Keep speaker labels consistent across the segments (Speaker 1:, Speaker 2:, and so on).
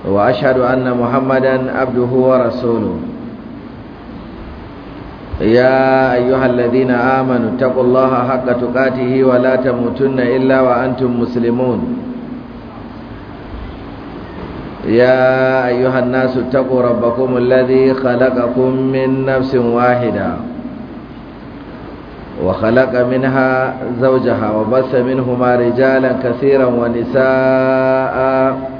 Speaker 1: wa ashadu anna muhammadan abduhu wa rasulu ya ayyuhal ladhina amanu taqullaha haqqa tuqatihi wa la tamutunna illa wa antum muslimun ya ayyuhal nasu taqu rabbakum alladhi khalaqakum min nafsin wahida wa khalaqa minha zaujaha, wa basa minhuma rijalan kathiran wa nisaa'a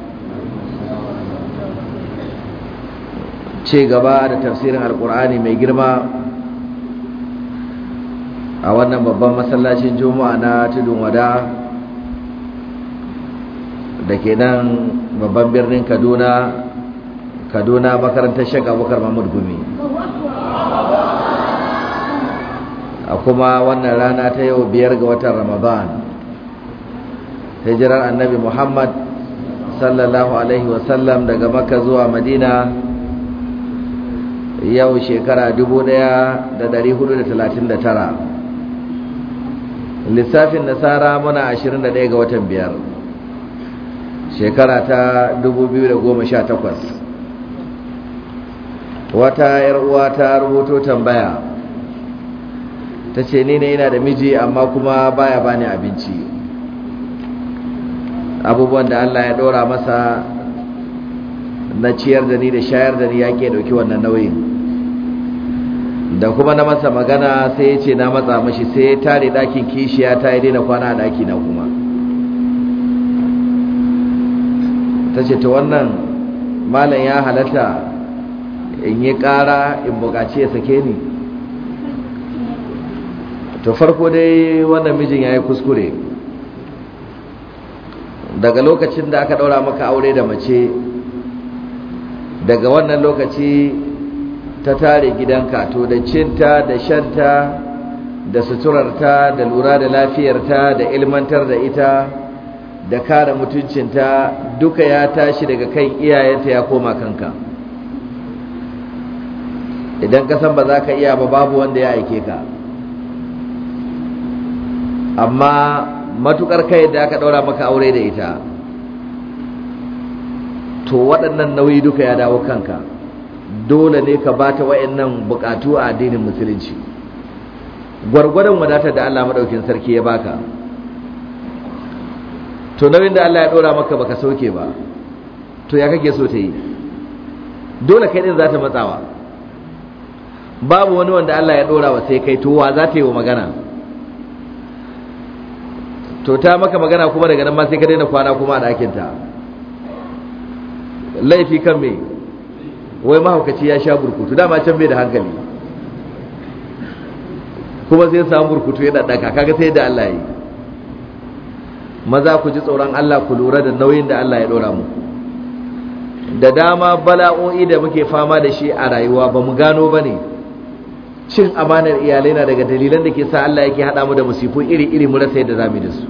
Speaker 1: ce gaba da tafsirin alkur'ani mai girma a wannan babban masallacin juma'a na tudun wada da ke nan babban birnin kaduna kaduna makarantar shek abubakar mahmud gumi a kuma wannan rana ta yau biyar ga watan ramadan hijirar annabi muhammad sallallahu alaihi wasallam daga makka zuwa madina yau shekara 1439 lissafin nasara muna ashirin 21 ga watan biyar shekara ta 2018 wata uwa ta rubuto tambaya ta ce ni ne yana da miji amma kuma baya bani abinci abubuwan da Allah ya ɗora masa na ciyar da ni da shayar da ni ya ke dauki wannan nauyin da kuma na masa magana sai ya ce na matsa mashi sai ya tare ɗakin kishiya ta yi daina kwana a ɗaki na kuma ta ce ta wannan malam ya halatta in yi ƙara in buƙaci ya sake ni Ta farko dai wannan mijin ya yi kuskure daga lokacin da aka ɗaura maka aure da mace daga wannan lokaci ta tare gidanka to da cinta da shanta da suturarta da lura da lafiyarta da ilmantar da ita da kare mutuncinta duka ya tashi daga kan iyayenta ya koma kanka idan ka san ba za ka iya ba babu wanda ya aike ka amma matukar kai da aka daura maka aure da ita to waɗannan nauyi duka ya dawo kanka dole ne ka ba wa'in nan bukatu a addinin musulunci gwargwadon wadatar da Allah madaukin sarki ya baka to nauyin da Allah ya dora maka baka sauke ba to ya kake so ta yi dole kai din za ta matsawa babu wani wanda Allah ya dora wa sai kai to wa za ta yi wa magana to ta maka magana kuma daga nan ma sai ka daina kwana kuma a ɗakinta laifi kan me wai mahaukaci ya sha burkutu dama can bai da hankali kuma sai samu burkutu ya daka kaga sai da Allah yi maza ku ji tsoron Allah ku lura da nauyin da Allah ya ɗora mu da dama bala'o'i da muke fama da shi a rayuwa ba mu gano ba ne cin amanar iyalai na daga dalilan da ke sa Allah yake haɗa mu da musifu iri-iri mu rasa yadda zamu da su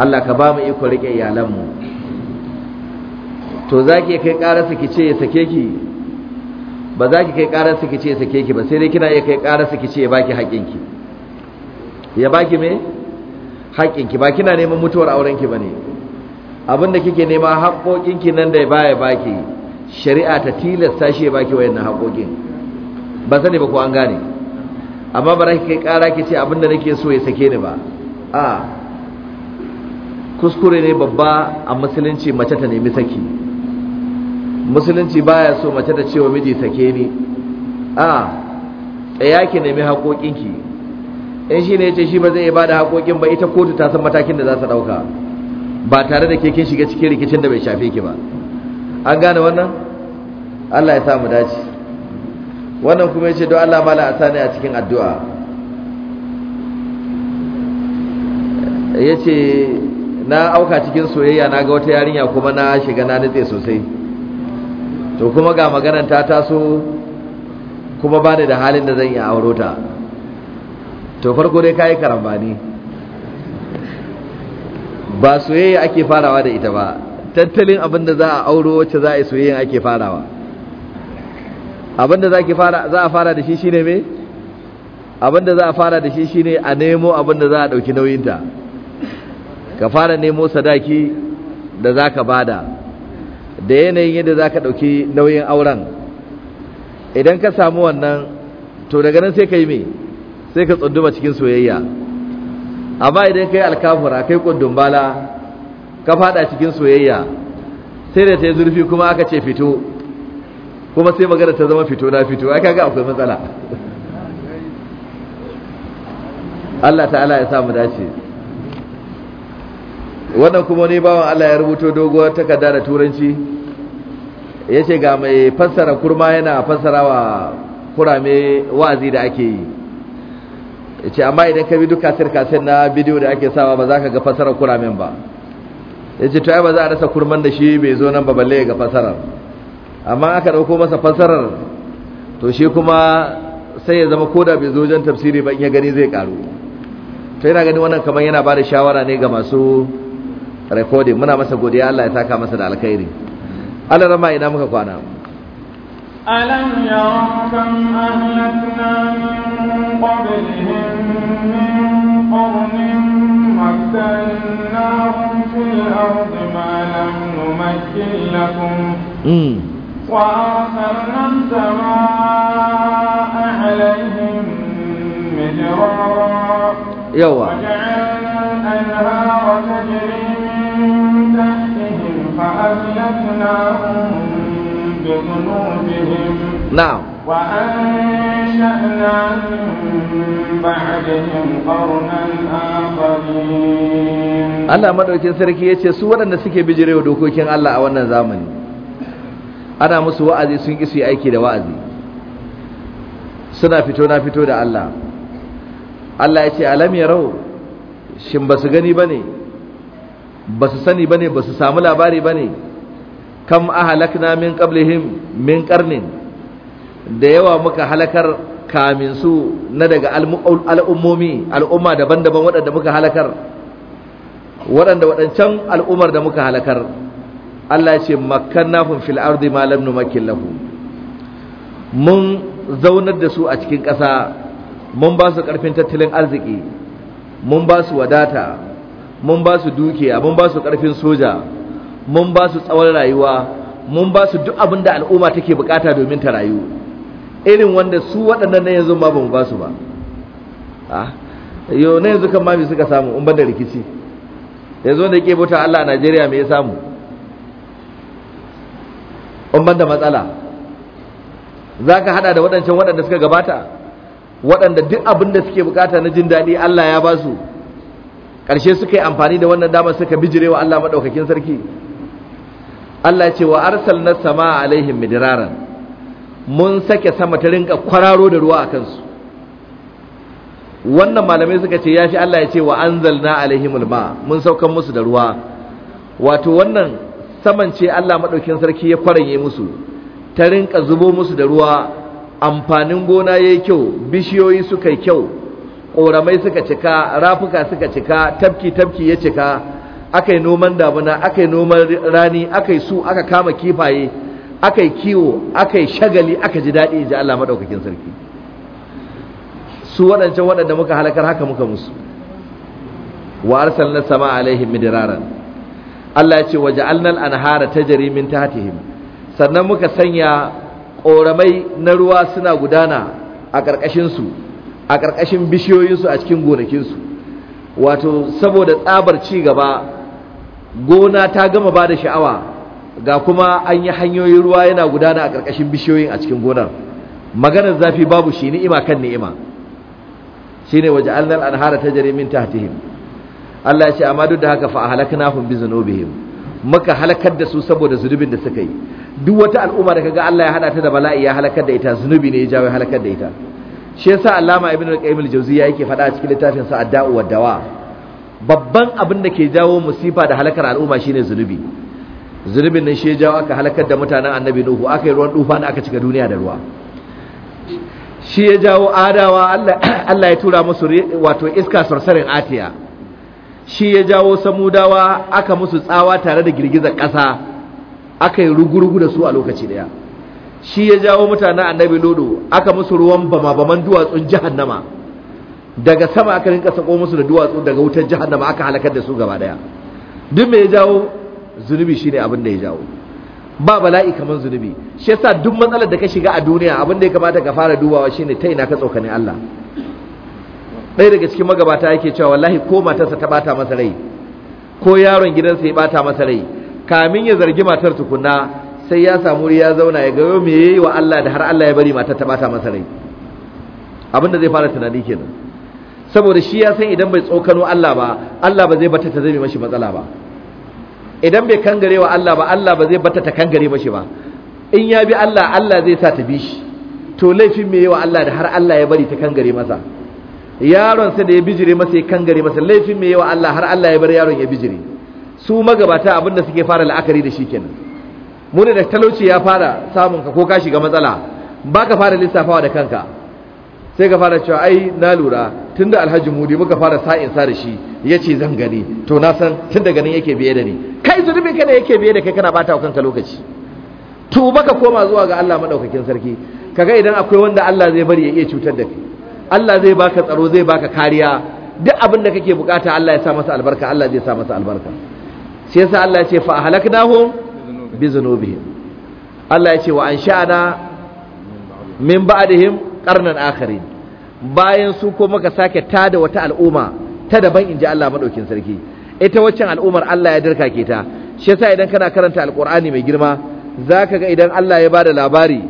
Speaker 1: Allah ka ba mu iko rike iyalanmu to za ki kai ƙararsa ki ce ya sake ki ba za ki kai ƙararsa ki ce ya sake ki ba sai dai kina iya kai ƙararsa ki ce ya baki haƙƙinki ya baki me haƙƙinki ba kina neman mutuwar aurenki ba ne abinda kike nema haƙƙoƙinki nan da baya baki shari'a ta tilasta shi ya baki wayannan haƙƙoƙin ba sani ba ko an gane amma ba za ki kai ƙara ki ce abinda nake so ya sake ni ba a kuskure ne babba a musulunci mace ta nemi saki musulunci baya so mace da cewa miji sake ni a tsaya ki nemi haƙoƙinki in shi ne ya ce shi ba zai bada da haƙoƙin ba ita kotu ta san matakin da za ta ɗauka ba tare da ke kin shiga cikin rikicin da bai shafe ki ba an gane wannan Allah ya sa mu dace wannan kuma ya ce don Allah mala a sani a cikin addu'a ya ce na auka cikin soyayya na ga wata yarinya kuma na shiga na nutse sosai to kuma ga maganar ta taso kuma ba da halin da zan yi auro ta to farko dai kayi karambani ba soyayya ake farawa da ita ba tattalin abin da za a auro wacce za a yi soyayya ake farawa abin da za a fara da shi shine me abin da za a fara da shi shine a nemo abin da za a ɗauki nauyinta ka fara nemo sadaki da za ka bada da yanayin yadda za ka ɗauki nauyin auren idan ka samu wannan to daga nan sai ka yi mai sai ka tsunduma cikin soyayya amma idan ka yi alkafura kai bala ka fada cikin soyayya sai da ta yi zurfi kuma aka ce fito kuma sai magana ta zama fito na fito aka ga akwai matsala Allah ta'ala ya samu dace wannan kuma ne bawan Allah ya rubuto doguwar takarda da turanci ya ce ga mai fassara kurma yana fassara wa kurame wazi da ake yi ya ce amma idan ka bi duk kasir-kasir na bidiyo da ake sawa ba za ka ga fassarar kuramen ba ya ce tuwa ba za a rasa kurman da shi bai zo nan ba balle ga fassarar amma aka dauko masa fassarar to shi kuma sai ya zama koda bai zo wajen tafsiri ba in ya gani zai karu to yana gani wannan kamar yana ba da shawara ne ga masu recording muna masa godiya Allah ya saka masa da alkhairi Allah rama ina muka kwana
Speaker 2: alam yara kam ahlakna min qablihim min qarnin fil ardi ma lam numakkin lakum
Speaker 3: hmm. Now.
Speaker 2: Allah
Speaker 1: madaukin sarki yace su waɗanda suke bijirewa dokokin Allah a wannan zamani ana musu wa'azi sun ƙi su aiki da wa'azi suna fito na fito da Allah Allah ya ce alam yarau shin ba su gani ba ne ba su sani ba ne ba su samu labari ba ne kam halakna min ƙablihim min ƙarnin da yawa muka halakar kamin su na daga al'ummomi al'umma daban-daban waɗanda muka halakar waɗanda waɗancan al'ummar da muka halakar Allah ce ce nafin fil'ar ardi ma lam makin lahu mun zaunar da su a cikin ƙasa mun ba su ƙarfin tattalin arziki mun ba su wadata mun ba su dukiya mun ba su ƙarfin soja mun ba su tsawon rayuwa mun ba su duk abin da al'umma take bukata domin ta rayu irin wanda su waɗannan na yanzu ma ba mu ba su ba ah, yau na yanzu kan mai suka samu in da rikici yanzu wanda ke bauta Allah a Najeriya me ya samu in da matsala za ka hada da waɗancan waɗanda suka gabata waɗanda duk abin da suke bukata na jin daɗi Allah ya ba su ƙarshe suka yi amfani da wannan damar suka wa Allah maɗaukakin sarki Allah ce wa arsal na sama a alaihim midiraran mun sake sama ta rinka kwararo da ruwa a kansu wannan malamai suka ce ya fi Allah ya ce wa anzalna alaihim alma mun saukan musu da ruwa wato wannan saman ce Allah maɗaukin sarki ya kwaranye musu ta rinka zubo musu da ruwa amfanin gona ya yi kyau bishiyoyi suka yi kyau ƙoramai suka cika rafuka suka cika tafki tafki ya cika aka yi noman damuna aka yi noman rani aka yi su aka kama kifaye aka yi kiwo aka yi shagali aka ji daɗi ji Allah maɗaukakin sarki su waɗancan waɗanda muka halakar haka muka musu wa na sama alaihim midiraran Allah ya ce wa ja'alna anhara tajri min tahtihim sannan muka sanya ƙoramai na ruwa suna gudana a ƙarƙashin a ƙarƙashin bishiyoyinsu a cikin gonakinsu wato saboda tsabar ci gaba gona ta gama ba da sha'awa ga kuma an yi hanyoyin ruwa yana gudana a ƙarƙashin bishiyoyin a cikin gonar maganar zafi babu shi ni'ima kan ni'ima Shi ne waje annal ta tajri min tahtihim Allah ya ce amma duk da haka fa ahlaknahum bi zunubihim muka halakar da su saboda zunubin da suka yi duk wata al'umma da kaga Allah ya hada ta da bala'i ya halakar da ita zunubi ne ya jawo halakar da ita shi yasa allama ibn al-qayyim al jawziyya yake faɗa a cikin littafin sa ad-da'u dawa babban abin da ke jawo musifa da halakar al'umma shine zunubi zunubin nan shi ya jawo aka halakar da mutanen annabi nuhu aka yi ruwan dufa aka cika duniya da ruwa shi ya jawo adawa Allah ya tura musu wato iska sarsarin atiya shi ya jawo samudawa aka musu tsawa tare da girgizar ƙasa aka yi rugurugu da su a lokaci daya shi ya jawo mutanen annabi lodo aka musu ruwan bama-baman duwatsun jahannama daga sama aka rinka sako musu da duwatsu daga wutar jahannama aka halakar da su gaba daya duk me ya jawo zunubi shine abin da ya jawo ba bala'i kamar zunubi shi yasa duk matsalar da ka shiga a duniya abin da ya kamata ka fara dubawa shine ta ina ka tsokane Allah ɗaya daga cikin magabata yake cewa wallahi ko matarsa ta bata masa rai ko yaron gidansa ya bata masa rai kamin ya zargi matar tukunna sai ya samu ya zauna ya ga me yayi wa Allah da har Allah ya bari mata ta bata masa rai abinda zai fara tunani kenan saboda shi ya san idan bai tsokano Allah ba Allah ba zai bata ta zame mashi matsala ba idan bai kangare wa Allah ba Allah ba zai bata ta kangare mashi ba in ya bi Allah Allah zai sa ta bi shi to laifin me wa Allah da har Allah ya bari ta kangare masa yaron sa da ya bijire masa ya kangare masa laifin me wa Allah har Allah ya bar yaron ya bijire su magabata abinda suke fara la'akari da shi kenan muni da talauci ya fara samun ka ko ka shiga matsala ba ka fara lissafawa da kanka sai ka fara cewa ai na lura tun da alhaji mudi muka fara sa'in sa da shi ya ce zan gani to na san tun daga nan yake biye da ni kai zunubin ka ne yake biye da kai kana bata kanka lokaci to ka koma zuwa ga Allah madaukakin sarki kaga idan akwai wanda Allah zai bari ya iya cutar da kai Allah zai baka tsaro zai baka kariya duk abin da kake bukata Allah ya sa masa albarka Allah zai sa masa albarka sai yasa Allah ya ce fa ahlaknahum bi Allah ya ce wa an sha'ana min ba'dihim qarnan akharin bayan su ko muka sake tada wata al'umma ta daban in ji Allah madaukin sarki ita waccan al'ummar Allah ya dirka ke ta shi yasa idan kana karanta alqur'ani mai girma zaka ga idan Allah ya bada labari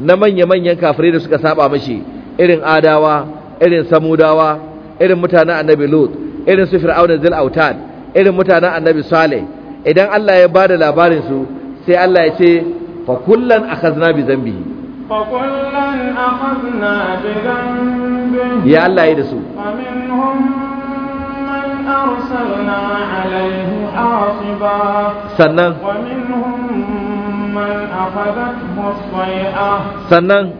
Speaker 1: na manya manyan kafirai da suka saba mashi irin adawa irin samudawa irin mutanen annabi lut irin su fir'auna zil autad irin mutanen annabi saleh idan Allah ya bada labarin su sai Allah ya ce fa kullan akhazna bi zambihi
Speaker 2: fa kullan akhazna bi zambihi ya Allah ya da su faminhum man sannan sannan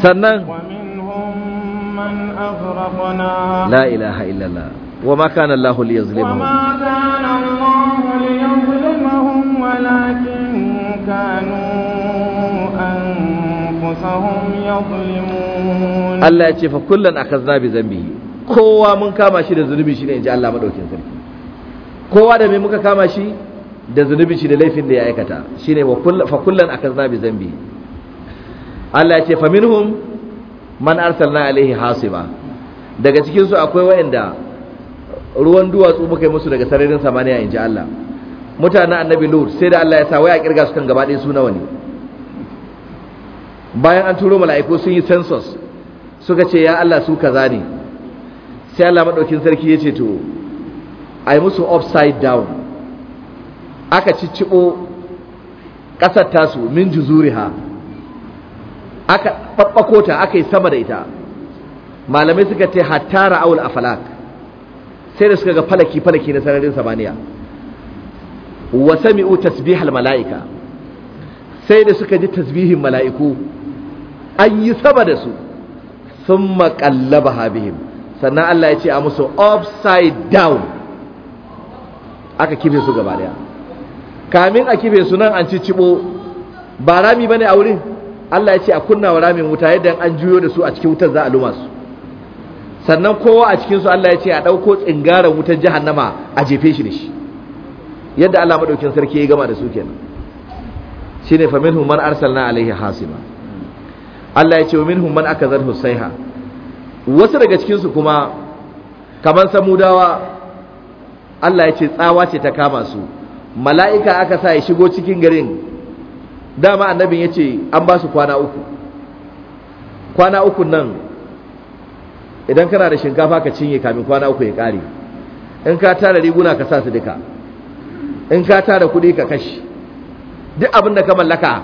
Speaker 2: sannan
Speaker 1: la ilaha illallah وما كان الله ليظلمهم وما
Speaker 2: كان الله ليظلمهم ولكن كانوا أنفسهم يظلمون
Speaker 1: الله يتشف كلا أخذنا بذنبه kowa mun kama shi da zunubi shi in ji Allah maɗaukin kowa da muka kama shi da zunubi da laifin da ya aikata shi ne fa kullan akan zabi zambi Allah ya ce fa minhum man arsalna alaihi hasiba daga cikinsu akwai waɗanda ruwan duwatsu muka yi musu daga sararin samaniya in ji Allah mutanen annabi lord sai da Allah ya sa wai a kirga su kan gaba ɗaya su nawa ne bayan an turo mala'iku sun yi census suka ce ya Allah su kaza ne sai Allah madaukin sarki ya ce to ai musu upside down aka ciccibo ƙasar tasu min juzuriha aka babbako ta aka yi sama da ita malamai suka ce hattara awul afalak sai da suka ga falaki falaki na sararin samaniya wa sami'u tasbihal mala'ika sai da suka ji tasbihin mala'iku an yi sama da su sun maƙallaba habihim sannan Allah ya ce a musu upside down aka kife su gaba daya kamin a kife su nan an ci cibo ba rami bane a wurin Allah ya ce a kunna wa ramin wuta yadda an juyo da su a cikin wutar za a luma su sannan kowa a cikinsu Allah ya ce a ɗauko tsingaren wutar jahannama a jefe shi da shi yadda Allah maɗaukin sarki ya gama da su kenan shine fa minhum man arsalna alaihi hasiba Allah ya ce minhum man akazat husaiha wasu daga cikin su kuma kaman samudawa Allah ya ce tsawa ce ta kama su mala'ika aka sa ya shigo cikin garin dama annabin ya ce an ba su kwana uku kwana uku nan idan kana da shinkafa ka cinye kamin kwana uku ya kare in ka tara riguna ka sa su duka in ka tara kuɗi ka kashi duk abin da ka mallaka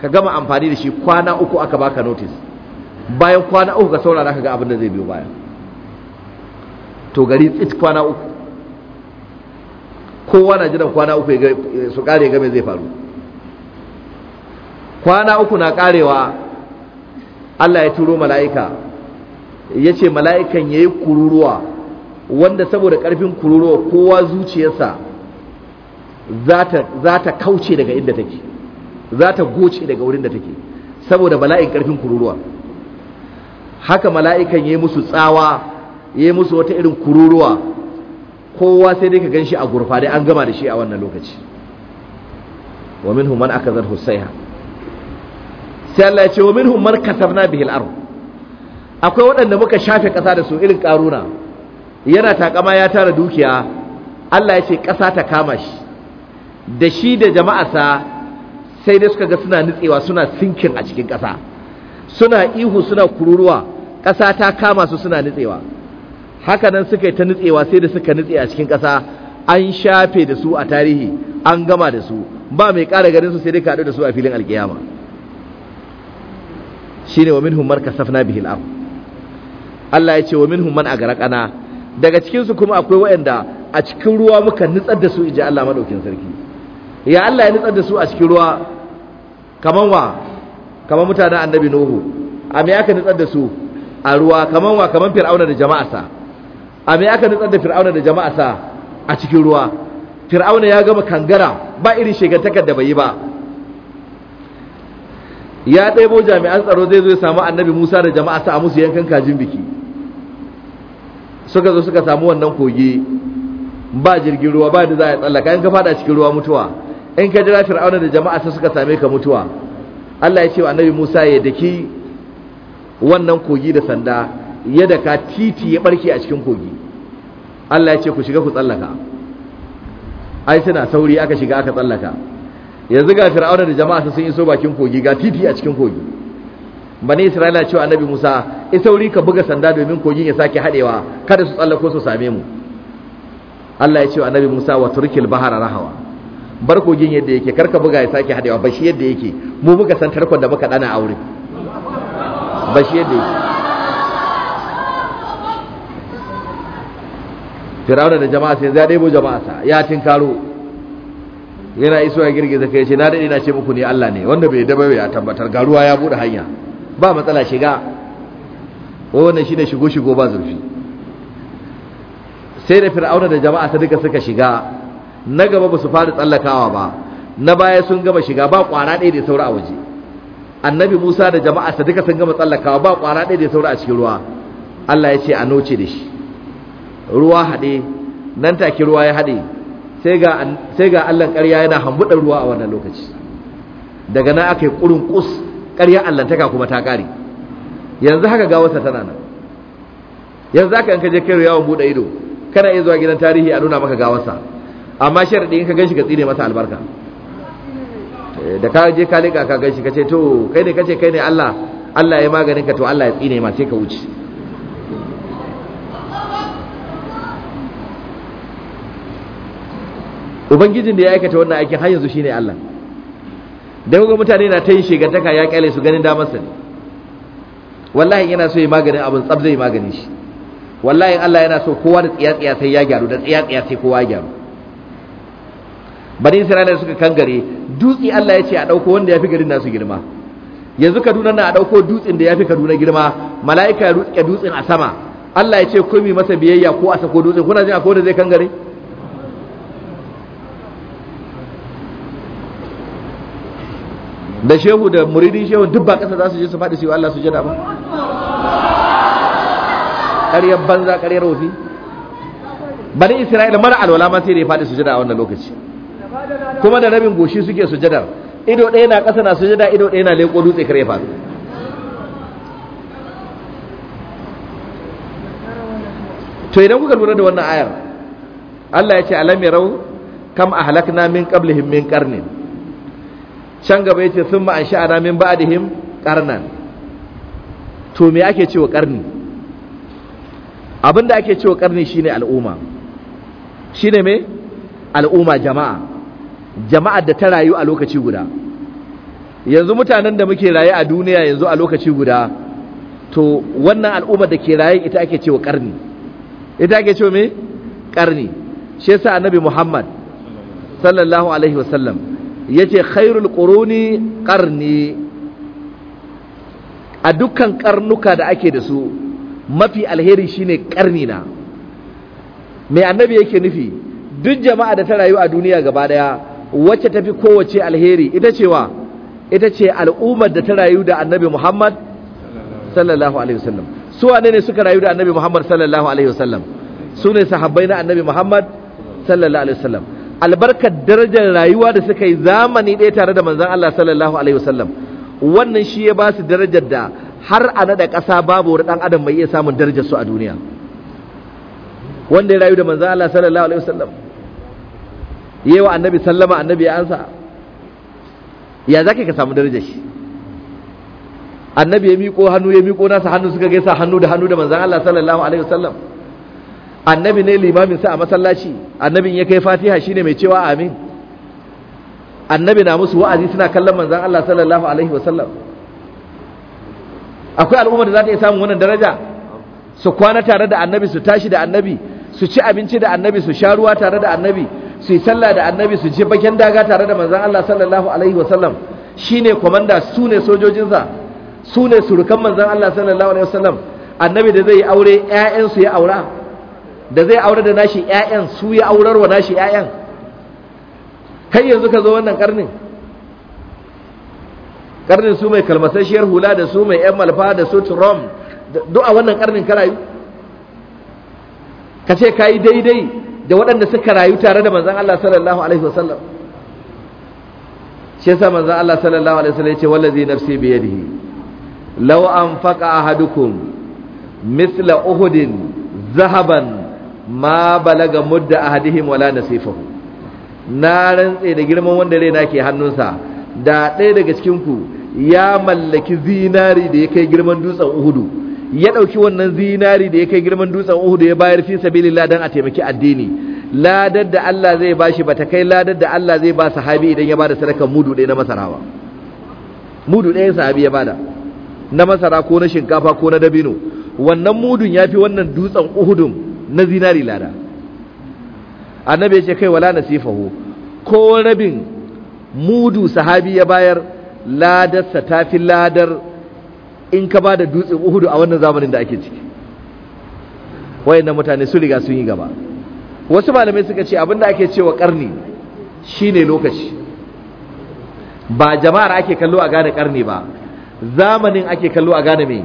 Speaker 1: ka gama amfani da shi kwana uku aka baka notice bayan kwana uku ka saurara ka ga abin da zai biyo baya to gari tsit kwana uku kowa na jiran kwana uku su kare game zai faru kwana uku na karewa Allah ya turo mala'ika ya ce mala'ikan ya yi kururuwa wanda saboda ƙarfin kururuwa kowa zuciyarsa za ta kauce daga inda take za ta goce daga wurin da take saboda bala'in ƙarfin kururuwa haka mala'ikan ya yi musu tsawa ya yi musu wata irin kururuwa kowa sai dai ka gan shi a gurfa dai an gama da shi a wannan lokaci wa minhum man aka zar husaiha sai Allah ya ce wa minhum man kasabna bihil ardh akwai waɗanda muka shafe ƙasa da su irin ƙaruna yana takama ya tara dukiya Allah ya ce ƙasa ta kama shi da shi da jama'arsa sai dai suka ga suna nutsewa suna sinkin a cikin ƙasa suna ihu suna kururuwa ƙasa ta kama su suna nutsewa haka nan suka yi ta nutsewa sai da suka nutse a cikin ƙasa an shafe da su a tarihi an gama da su ba mai ƙara garin su sai dai kaɗu da su a filin alƙiyama shine wa minhum markasafna bihil ardh Allah ya ce wa minhum man agarqana daga cikin su kuma akwai waɗanda a cikin ruwa muka nutsar da su inji Allah madaukin sarki ya Allah ya nutsar da su a cikin ruwa kaman wa kaman mutanen annabi nuhu a me aka nutsar da su a ruwa kaman wa kaman fir'auna da jama'arsa a me aka nutsar da fir'auna da jama'arsa a cikin ruwa fir'auna ya gama kangara ba irin shegantakar da bai yi ba ya ɗebo jami'an tsaro zai zo ya samu annabi musa da jama'a sa a musu yankan kajin biki suka zo suka samu wannan kogi ba jirgin ruwa ba da za a tsallaka in ka fada cikin ruwa mutuwa in ka jira fir'auna da jama'a sai suka same ka mutuwa Allah ya ce wa annabi Musa ya daki wannan kogi da sanda ya daka titi ya barke a cikin kogi Allah ya ce ku shiga ku tsallaka ai suna sauri aka shiga aka tsallaka yanzu ga fir'auna da jama'a sun iso bakin kogi ga titi a cikin kogi bani isra'ila cewa annabi musa ya sauri ka buga sanda domin kogin ya sake haɗewa kada su tsallako su same mu allah ya ce annabi musa wa turkil bahara rahawa bar kogin yadda yake karka buga ya sake haɗewa ba shi yadda yake mu buga san tarkon da muka ɗana aure ba shi yadda yake firawuna da jama'a sai ya ɗebo jama'a sa ya tinkaro yana iso ya girgiza kai ce na daɗe na ce muku ne allah ne wanda bai daba ya tabbatar garuwa ya buɗe hanya ba matsala shiga wai shi ne shigo shigo ba zurfi sai da fir'auna da jama'a ta duka suka shiga na gaba ba su fara tsallakawa ba na baya sun gama shiga ba kwara ɗaya da ya saura a waje annabi musa da jama'a ta duka sun gama tsallakawa ba kwara ɗaya da ya saura a cikin ruwa allah ya ce a noce da shi ruwa haɗe nan take ruwa ya haɗe sai ga allah ƙarya yana hambuɗar ruwa a wannan lokaci daga nan aka yi ƙurin ƙus ƙarya allantaka kuma ta ƙare yanzu haka gawarsa tana nan yanzu haka in ka je kai yawon buɗe ido kana iya zuwa gidan tarihi a nuna maka gawarsa amma sharaɗi in ka ganshi ka tsine masa albarka eh, da ka je ka liƙa ka ganshi ka ce to kai ne kace kai ne Allah Allah ya maganin ka to Allah ya tsine ma sai ka wuce ubangijin da ya aikata wannan aikin har yanzu shine Allah da kuka mutane na ta yin shegantaka ya kyale su ganin damar sa ne wallahi yana so ya maganin abin tsab zai magani shi wallahi Allah yana so kowa da tsiya tsiya sai ya gyaru da tsiya tsiya sai kowa ya gyaru bani isra'ila suka kangare dutse Allah ya ce a dauko wanda ya fi garin nasu girma yanzu Kaduna na a dauko dutsin da ya fi Kaduna girma mala'ika ya rutsa dutsin a sama Allah ya ce mi masa biyayya ko a sako dutsin kuna jin akwai wanda zai kangare da shehu da muridin shehu duk ba kasa za su je su faɗi su yi Allah su jada ba ƙaryar banza ƙaryar wofi bani isra'ila mara alwala ma sai da ya faɗi su jada a wannan lokaci
Speaker 3: kuma da rabin goshi suke
Speaker 1: su jadar ido ɗaya na ƙasa na su jada ido ɗaya na leƙo dutse kare faɗi to idan kuka lura da wannan ayar Allah ya ce alam yarau kam ahlakna min qablihim min qarnin can gaba yace sun ma an sha'ana min ba'dihim qarnan to me ake cewa qarni abinda ake cewa qarni shine al'umma shine me al'umma jama'a Jama'a da ta rayu a lokaci guda yanzu mutanen da muke raye a duniya yanzu a lokaci guda to wannan al'ummar da ke raye ita ake cewa karni ita ake cewa me karni shi yasa annabi Muhammad sallallahu alaihi wasallam yace khairul quruni ƙarni a dukkan ƙarnuka da ake da su mafi alheri shine ƙarni na mai annabi yake nufi duk jama'a da ta rayu a duniya gaba daya wacce tafi kowace alheri ita cewa ita ce al'ummar da ta rayu da annabi Muhammad sallallahu alaihi wasallam su wane ne suka rayu da annabi Muhammad sallallahu alaihi wasallam su ne sahabbai na annabi Muhammad sallallahu alaihi wasallam albarkar darajar rayuwa da suka yi zamani ɗaya tare da manzan Allah sallallahu alaihi wasallam wannan shi ya ba su darajar da har a naɗa ƙasa babu wani ɗan adam mai iya samun darajar su a duniya wanda ya rayu da manzan Allah sallallahu alaihi wasallam yi wa annabi sallama annabi ya ansa ya za ka samu darajar shi annabi ya miƙo hannu ya miƙo nasa hannu suka gaisa hannu da hannu da manzan Allah sallallahu alaihi wasallam annabi ne limamin sa a masallaci annabin ya kai fatiha shine mai cewa amin annabi na musu wa'azi suna kallon manzon Allah sallallahu alaihi wasallam akwai al'ummar da za ta iya samun wannan daraja su kwana tare da annabi su tashi da annabi su ci abinci da annabi su sha ruwa tare da annabi su yi sallah da annabi su je bakin daga tare da manzon Allah sallallahu alaihi wasallam shine komanda su ne sojojinsa su ne surukan manzon Allah sallallahu alaihi wasallam annabi da zai yi aure ƴaƴansu ya aura da zai aure da nashi ƴaƴan su ya aurar wa nashi ƴaƴan kai yanzu ka zo wannan karnin karnin su mai kalmasasshiyar hula da su mai ƴan malfa da su trom duk a wannan karnin ka rayu ka ce ka yi daidai da waɗanda suka rayu tare da manzan Allah sallallahu alaihi wasallam shi yasa manzan Allah sallallahu alaihi wasallam ya ce wallazi nafsi bi yadihi law anfaqa ahadukum mithla uhudin zahaban ma balaga mudda ahadihim wala nasifahu na rantse da girman wanda raina ke hannunsa da ɗaya daga cikin ku ya mallaki zinari da ya kai girman dutsen uhudu ya ɗauki wannan zinari da ya kai girman dutsen uhudu ya bayar fi sabilillah dan a taimaki addini ladar da Allah zai bashi bata kai ladar da Allah zai ba sahabi idan ya bada sadakar mudu ɗaya na masarawa mudu ɗaya sahabi ya bada na masara ko na shinkafa ko na dabino wannan mudun ya fi wannan dutsen uhudun na zinari lada annabi ya ce kai wala nasifahu ko rabin mudu sahabi ya bayar ladarsa ta fi ladar in ka ba da dutsen uhudu a wannan zamanin da ake ciki wayannan mutane su riga sun yi gaba wasu malamai suka ce abinda ake cewa karni shine lokaci ba jama'ar ake kallo a gane karni ba zamanin ake kallo a gane me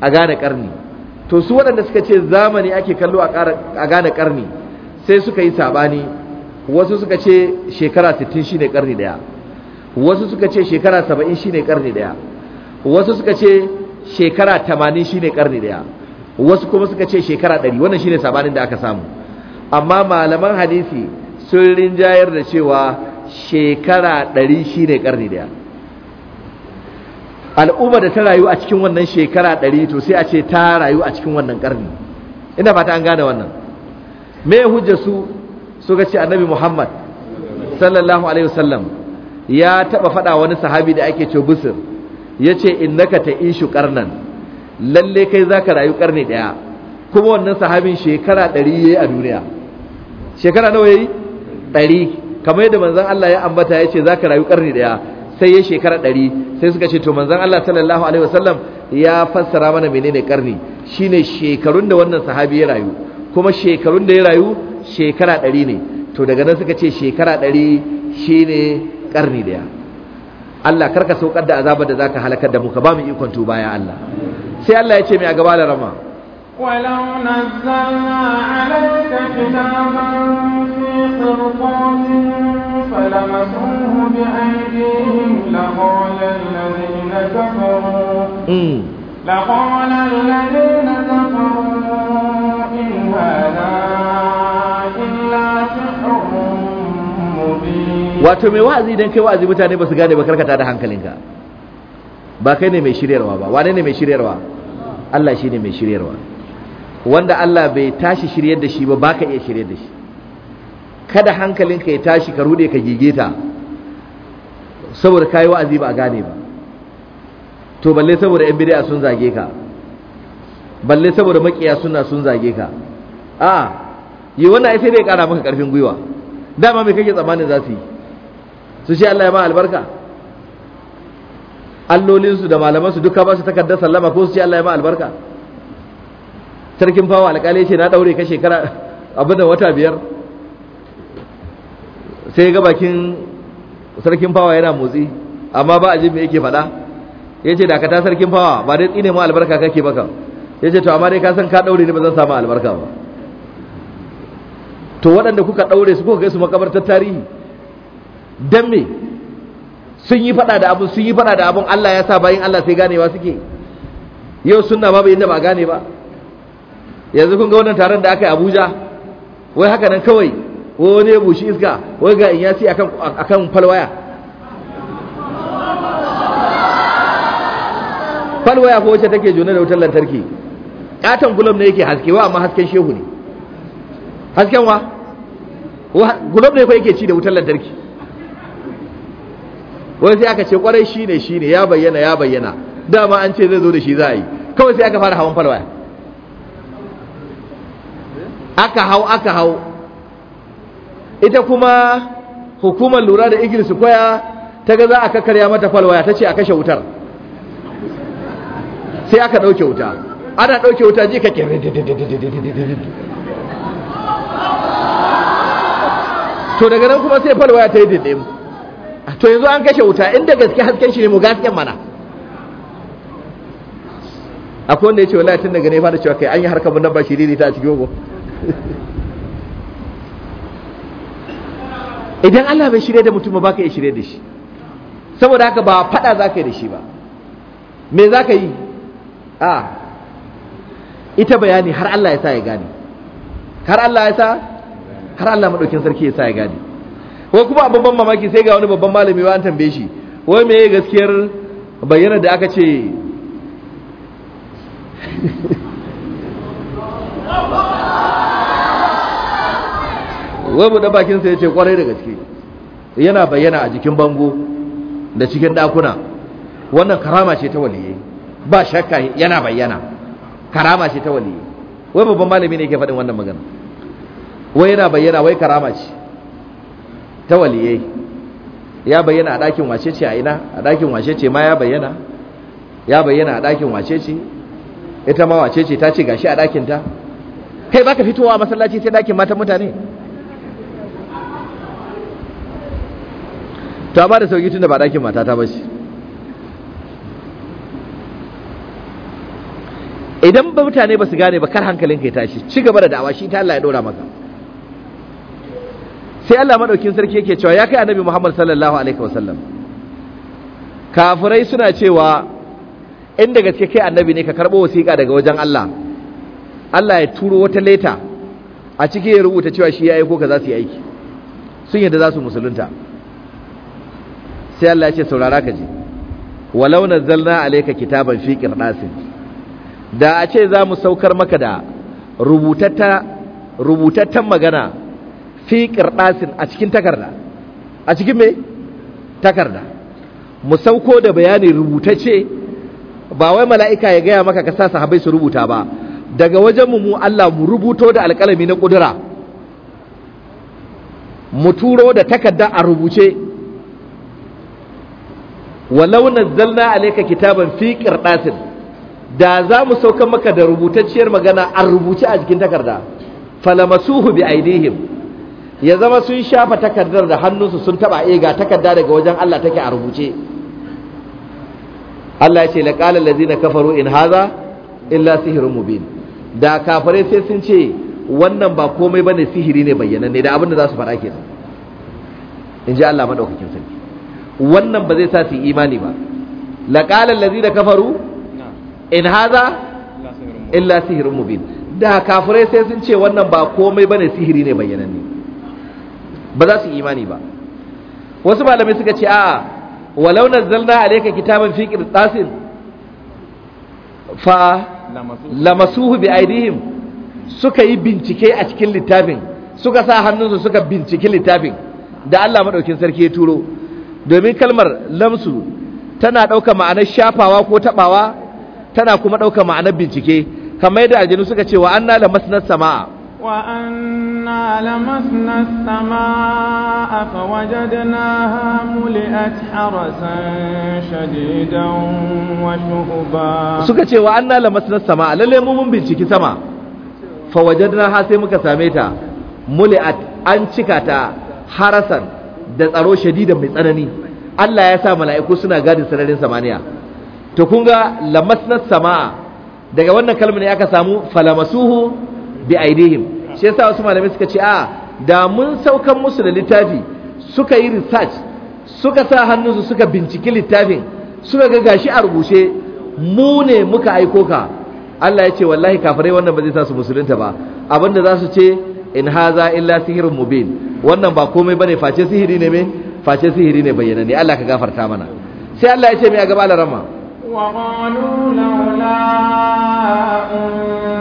Speaker 1: a gane karni to su waɗanda suka ce zamani ake kallo a gane ƙarni sai suka yi saɓani wasu suka ce shekara 60 shine ƙarni ɗaya wasu suka ce shekara 70 shine ƙarni ɗaya wasu suka ce shekara 80 shine ƙarni ɗaya wasu kuma suka ce shekara 100 wannan shine saɓanin da aka samu amma malaman hadisi sun rinjayar da cewa shekara 100 shine ƙarni ɗaya al'umma da ta rayu a cikin wannan shekara ɗari to sai a ce ta rayu a cikin wannan ƙarni ina fata an gane wannan me hujja su su ga ce annabi muhammad sallallahu alaihi wasallam ya taɓa faɗa wani sahabi da ake ce busir ya ce innaka ta ishu ƙarnan lalle kai za ka rayu ƙarni ɗaya kuma wannan sahabin shekara ɗari ya yi a duniya shekara nawa ya yi ɗari kamar yadda manzon Allah ya ambata ya ce za ka rayu ƙarni ɗaya sai ya shekara ɗari sai suka ce to manzan Allah sallallahu alaihi wasallam ya fassara mana menene karni shine shekarun da wannan sahabi ya rayu kuma shekarun da ya rayu shekara ɗari ne to daga nan suka ce shekara ɗari shine karni daya Allah karka saukar da azabar da zaka halakar da mu ka ba mu ikon tuba ya Allah sai Allah ya ce mai a gaba da rama
Speaker 2: ولو نزلنا عليك كتابا في قرطاس فلمسوه
Speaker 1: بأيديهم
Speaker 2: لقال الذين كفروا لقال الذين كفروا إن هذا
Speaker 1: wato mai wa'azi idan kai wa'azi mutane ba su gane ba karkata da hankalinka ba kai ne mai shiryarwa ba wane ne mai shiryarwa Allah shi ne mai shiryarwa wanda Allah bai tashi shiryar da shi ba ba ka iya shiryar da shi kada hankalinka ya tashi ka rude ka gige ta saboda kayi wa'azi ba a gane ba to balle saboda yan bid'a sun zage ka balle saboda makiya suna sun zage ka a yi wannan ai sai dai kara maka karfin gwiwa dama me kake tsammanin za su yi su ce Allah ya ma albarka allolinsu da malamansu duka ba su takardar sallama ko su ce Allah ya ma albarka sarkin fawa alƙali ce na daure ka shekara abin da wata biyar sai ga bakin sarkin fawa yana motsi amma ba a ji me yake faɗa yace da ka ta sarkin fawa ba dai tsine mu albarka kake baka yace to amma dai ka san ka daure ni ba zan samu albarka ba to waɗanda kuka daure su kuka kai su makabartar tarihi dan me sun yi faɗa da abun sun yi faɗa da abun Allah ya sa bayin Allah sai ganewa suke yau sunna babu inda ba gane ba yanzu kun ga wannan taron da aka yi Abuja wai haka nan kawai Ko ne bushi iska wai ga in ya ce akan falwaya falwaya ko wacce take jona da wutar lantarki katon gulab ne yake haskewa amma hasken shehu ne hasken wa gulab ne ko yake ci da wutar lantarki wai sai aka ce kwarai shine shine ya bayyana ya bayyana dama an ce zai zo da shi za a yi kawai sai aka fara hawan falwaya aka hau aka hau ita kuma hukumar lura da igil su koya ta ga za a ya mata falwaya ta ce a kashe wutar sai aka ɗauke wuta ana ɗauke wuta ji kake to daga nan kuma sai falwaya ta yi dindin to yanzu an kashe wuta inda gaske hasken shi ne mu gasken mana akwai wanda ya ce wallahi tun daga ne da cewa kai an yi harkar bunan ba shi ta a cikin gogo idan Allah bai shirye da mutum ba ka iya shirye da shi saboda haka ba fada za ka yi da shi ba me za ka yi a ita bayani har Allah ya sa ya gane har Allah ya sa har Allah madaukin sarki ya sa ya gane ko kuma abin mamaki sai ga wani babban malami wa an tambaye shi wai me gaskiyar bayyana da aka ce wai buɗe bakinsa ya ce kwarai daga ciki yana bayyana a jikin bango da cikin ɗakuna wannan karama ce ta waliye ba shakka yana bayyana karama ce ta waliye wai babban malami ne ke faɗin wannan magana wai yana bayyana wai karama ce ta waliye ya bayyana a ɗakin wace ce a ina a ɗakin wace ce ma ya bayyana ya bayyana a ɗakin wace ce ita ma wace ce ta ce gashi a ɗakinta kai baka fitowa masallaci sai ɗakin mata mutane ta ba da sauki tunda ba ɗakin matata ba shi idan ba mutane ba su gane ba kar hankalin ka ya tashi ci gaba da da'awa shi ta Allah ya dora maka sai Allah madaukin sarki yake cewa ya kai annabi Muhammad sallallahu alaihi wasallam kafirai suna cewa in daga gaske kai annabi ne ka karbo wasiƙa daga wajen Allah Allah ya turo wata leta a cikin ya rubuta cewa shi ya aiko ka za su yi aiki sun yadda za su musulunta sai Allah ya ce saurara ka je. walau nazzalna alayka kitaban fi qirdasin da a ce za mu saukar maka da rubutattan magana fi qirdasin a cikin takarda a cikin me takarda mu sauko da bayani rubutacce ba wai mala'ika ya gaya maka ka sa sahabbai su rubuta ba daga wajen mu Allah mu rubuto da alƙalami na ƙudura mu turo da takarda a rubuce walau a laika kitaban fi qirdasin da za mu sauka maka da rubutacciyar magana an rubuce a jikin takarda falamasuhu bi aidihim ya zama sun shafa takardar da hannunsu sun taba eh, ga takarda daga wajen Allah take a rubuce Allah ya ce laqala allazina kafaru in haza illa sihrun mubin da kafare sai sun ce wannan ba komai ba bane sihiri ne bayyananne da abin da za su fara kenan in ji Allah maɗaukakin sarki wannan ba zai sa su imani ba laqala allazina kafaru in haza illa sihrun mubin da kafirai sai sun ce wannan ba komai bane sihiri ne bayyananne ba za su imani ba wasu malamai suka ce a walau nazzalna alayka kitaban fi qirtasin fa lamasuhu bi aidihim suka yi bincike a cikin littafin suka sa hannunsu suka binciki littafin da Allah madaukin sarki ya turo domin kalmar lamsu tana ɗauka ma'anar shafawa ko taɓawa tana kuma ɗauka ma'anar bincike kamar yadda aljanu suka ce wa anna lamasna sama'a
Speaker 2: wa anna lamasna sama'a fa wajadnaha muli'at harasan shadidan wa shuhuba
Speaker 1: suka ce wa anna lamasna sama'a lalle mu mun binciki sama fa wajadnaha sai muka same ta muli'at an cika ta harasan da tsaro shadidan mai tsanani Allah ya sa mala'iku suna gadin sararin samaniya to kun ga lamasnas sama'a daga wannan kalmar ne aka samu falamasuhu bi aidihim shi yasa wasu malamai suka ce a da mun saukan musu da littafi suka yi research suka sa hannunsu suka binciki littafin suka ga gashi a rubuce mu ne muka aiko ka Allah ya ce wallahi kafirai wannan ba zai sa su musulunta ba abinda za su ce in haza illa sihirun mubin wannan ba komai bane face sihiri ne me face sihiri ne bayyana ne Allah ka gafarta mana sai Allah ya ce me a gaba rama
Speaker 3: wa
Speaker 2: qalu la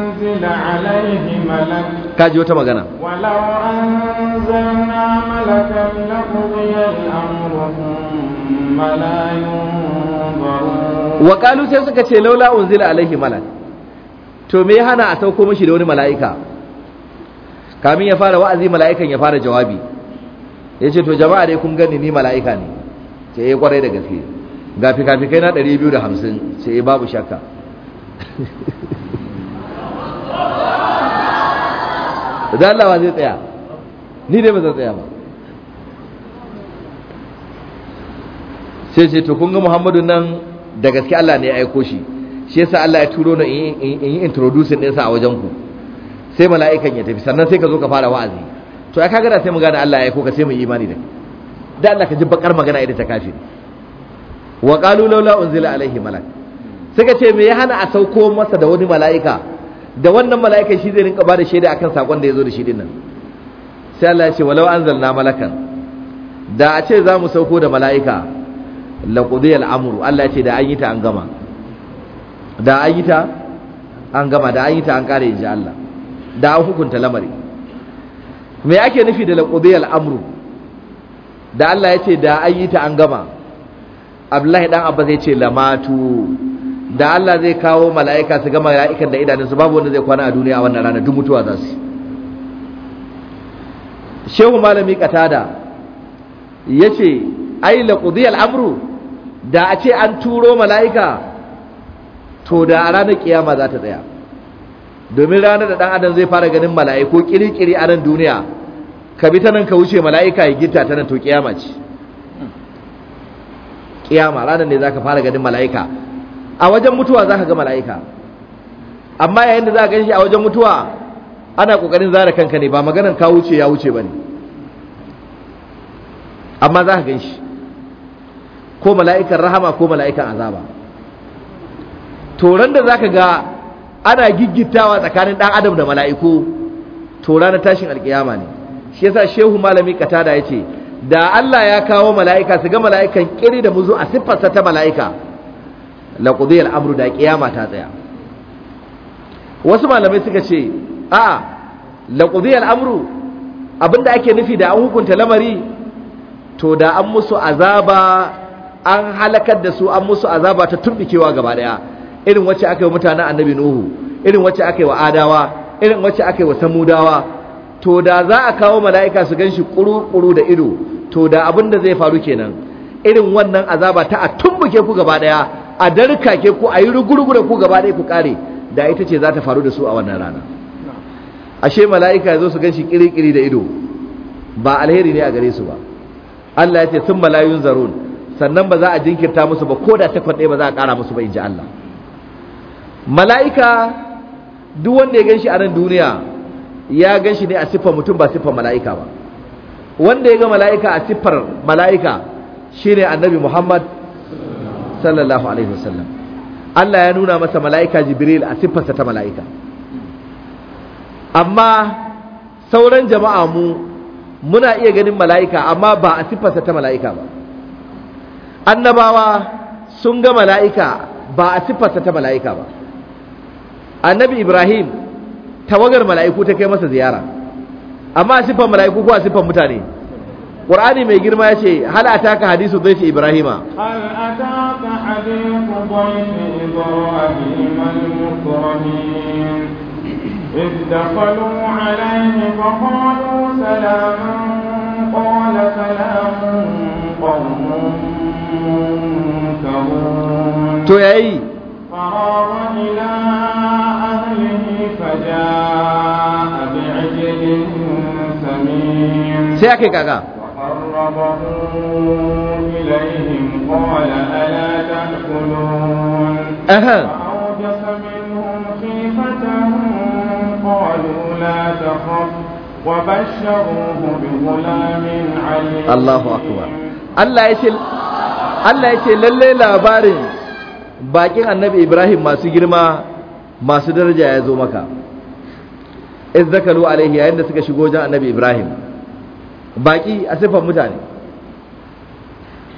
Speaker 2: unzila
Speaker 1: alaihi malak kaji wata magana
Speaker 2: walau anzalna malakan laqiya al-amru
Speaker 1: wa qalu sai suka ce laula unzila alaihi malak to me hana a sauko mishi da wani mala'ika kamin ya fara wa'azi mala'ikan ya fara jawabi ya ce to jama'a dai kun gani ni mala'ika ne ce ya eh, kwarai da gaske ga fikafikai na 250 ce ya eh, babu shakka da Allah ba zai tsaya ni dai ba zai tsaya ba sai ce to kun ga Muhammadu nan da gaske Allah ne ya aiko shi shi yasa Allah ya turo na in yi introducing ɗinsa a wajen ku sai mala'ikan ya tafi sannan sai ka zo ka fara wa'azi to ai kaga da sai mu gane Allah ya aiko ka sai mu imani da da Allah ka ji bakar magana idan ta kashi wa qalu laula unzila alaihi malak suka ce me ya hana a sauko masa da wani mala'ika da wannan mala'ikan shi zai rinka bada shaida akan sakon da yazo da shi din nan sai Allah ya ce walau anzalna malakan da a ce za mu sauko da mala'ika laqudiya al'amru Allah ya ce da an yi ta an gama da an yi ta an gama da an yi ta an kare inji Allah da an hukunta lamari me ake nufi da laqudiyal amru da Allah ya ce da an yi ta an gama Abdullahi ɗan Abba zai ce lamatu da Allah zai kawo mala'ika su gama mala'ikan da idanunsu babu wanda zai kwana a duniya a wannan rana duk mutuwa za su Shehu malami Katada yace ai laqudiyal amru da a ce an turo mala'ika to da a ranar kiyama za ta tsaya domin ranar da ɗan adam zai fara ganin mala'iku kirikiri a nan duniya ka bi ta nan ka wuce mala'ika ya gita ta nan to kiyama ce kiyama ranar ne za ka fara ganin mala'ika a wajen mutuwa za ka ga mala'ika amma yayin da za ka shi a wajen mutuwa ana kokarin zara kanka ne ba maganar ka wuce ya wuce bane amma za ka gan shi ko mala'ikan rahama ko mala'ikan azaba to ran da za ka ga ana giggitawa tsakanin ɗan adam da mala'iku to ranar tashin alkiyama ne shi yasa shehu malami katada ce, da Allah ya kawo mala'ika su ga mala'ikan kiri da muzu a siffarsa ta mala'ika la amru da kiyama ta tsaya wasu malamai suka ce a la amru abinda ake nufi da an hukunta lamari to da an musu azaba an halakar da su an musu azaba ta turbikewa gaba daya irin wacce aka yi wa mutanen annabi nuhu irin wacce aka yi wa adawa irin wacce aka yi wa samudawa to da za a kawo mala'ika su gan shi ƙuru da ido to da abin da zai faru kenan irin wannan azaba ta a tumbuke ku gaba ɗaya a ke ku a yi rugurgura da ku gaba ɗaya ku ƙare da ita ce za ta faru da su a wannan rana ashe mala'ika ya zo su gan shi ƙiri-ƙiri da ido ba alheri ne a gare su ba Allah ya ce sun malayun zarun sannan ba za a jinkirta musu ba ko da takwas ɗaya ba za a ƙara musu ba in ji Allah mala'ika duk wanda ya ganshi a nan duniya ya ganshi ne a siffar mutum ba siffar mala'ika ba wanda ya ga mala'ika a siffar mala'ika shine annabi Muhammad sallallahu alaihi wasallam Allah ya nuna masa mala'ika Jibril a siffarsa ta mala'ika amma sauran jama'a mu muna iya ganin mala'ika amma ba a siffarsa ta mala'ika ba annabawa sun ga mala'ika ba a siffarsa ta mala'ika ba annabi ibrahim tawagar mala'iku ta kai masa ziyara amma siffan mala'iku ko siffan mutane qur'ani mai girma ya ce hal ka hadisu dhayfi ibrahima
Speaker 2: hal ataka hadithu dhayfi ibrahima al-mukramin إذ دخلوا عليه فقالوا سلاما قال سلام قوم منكرون فراغ إلى sai ake kaga Allahu
Speaker 1: akbar Allah ya ce Allah ya ce lalle labarin bakin annabi Ibrahim masu girma masu daraja ya zo maka iz zakalu alaihi yayin da suka shigo wajen annabi ibrahim baki a sifan mutane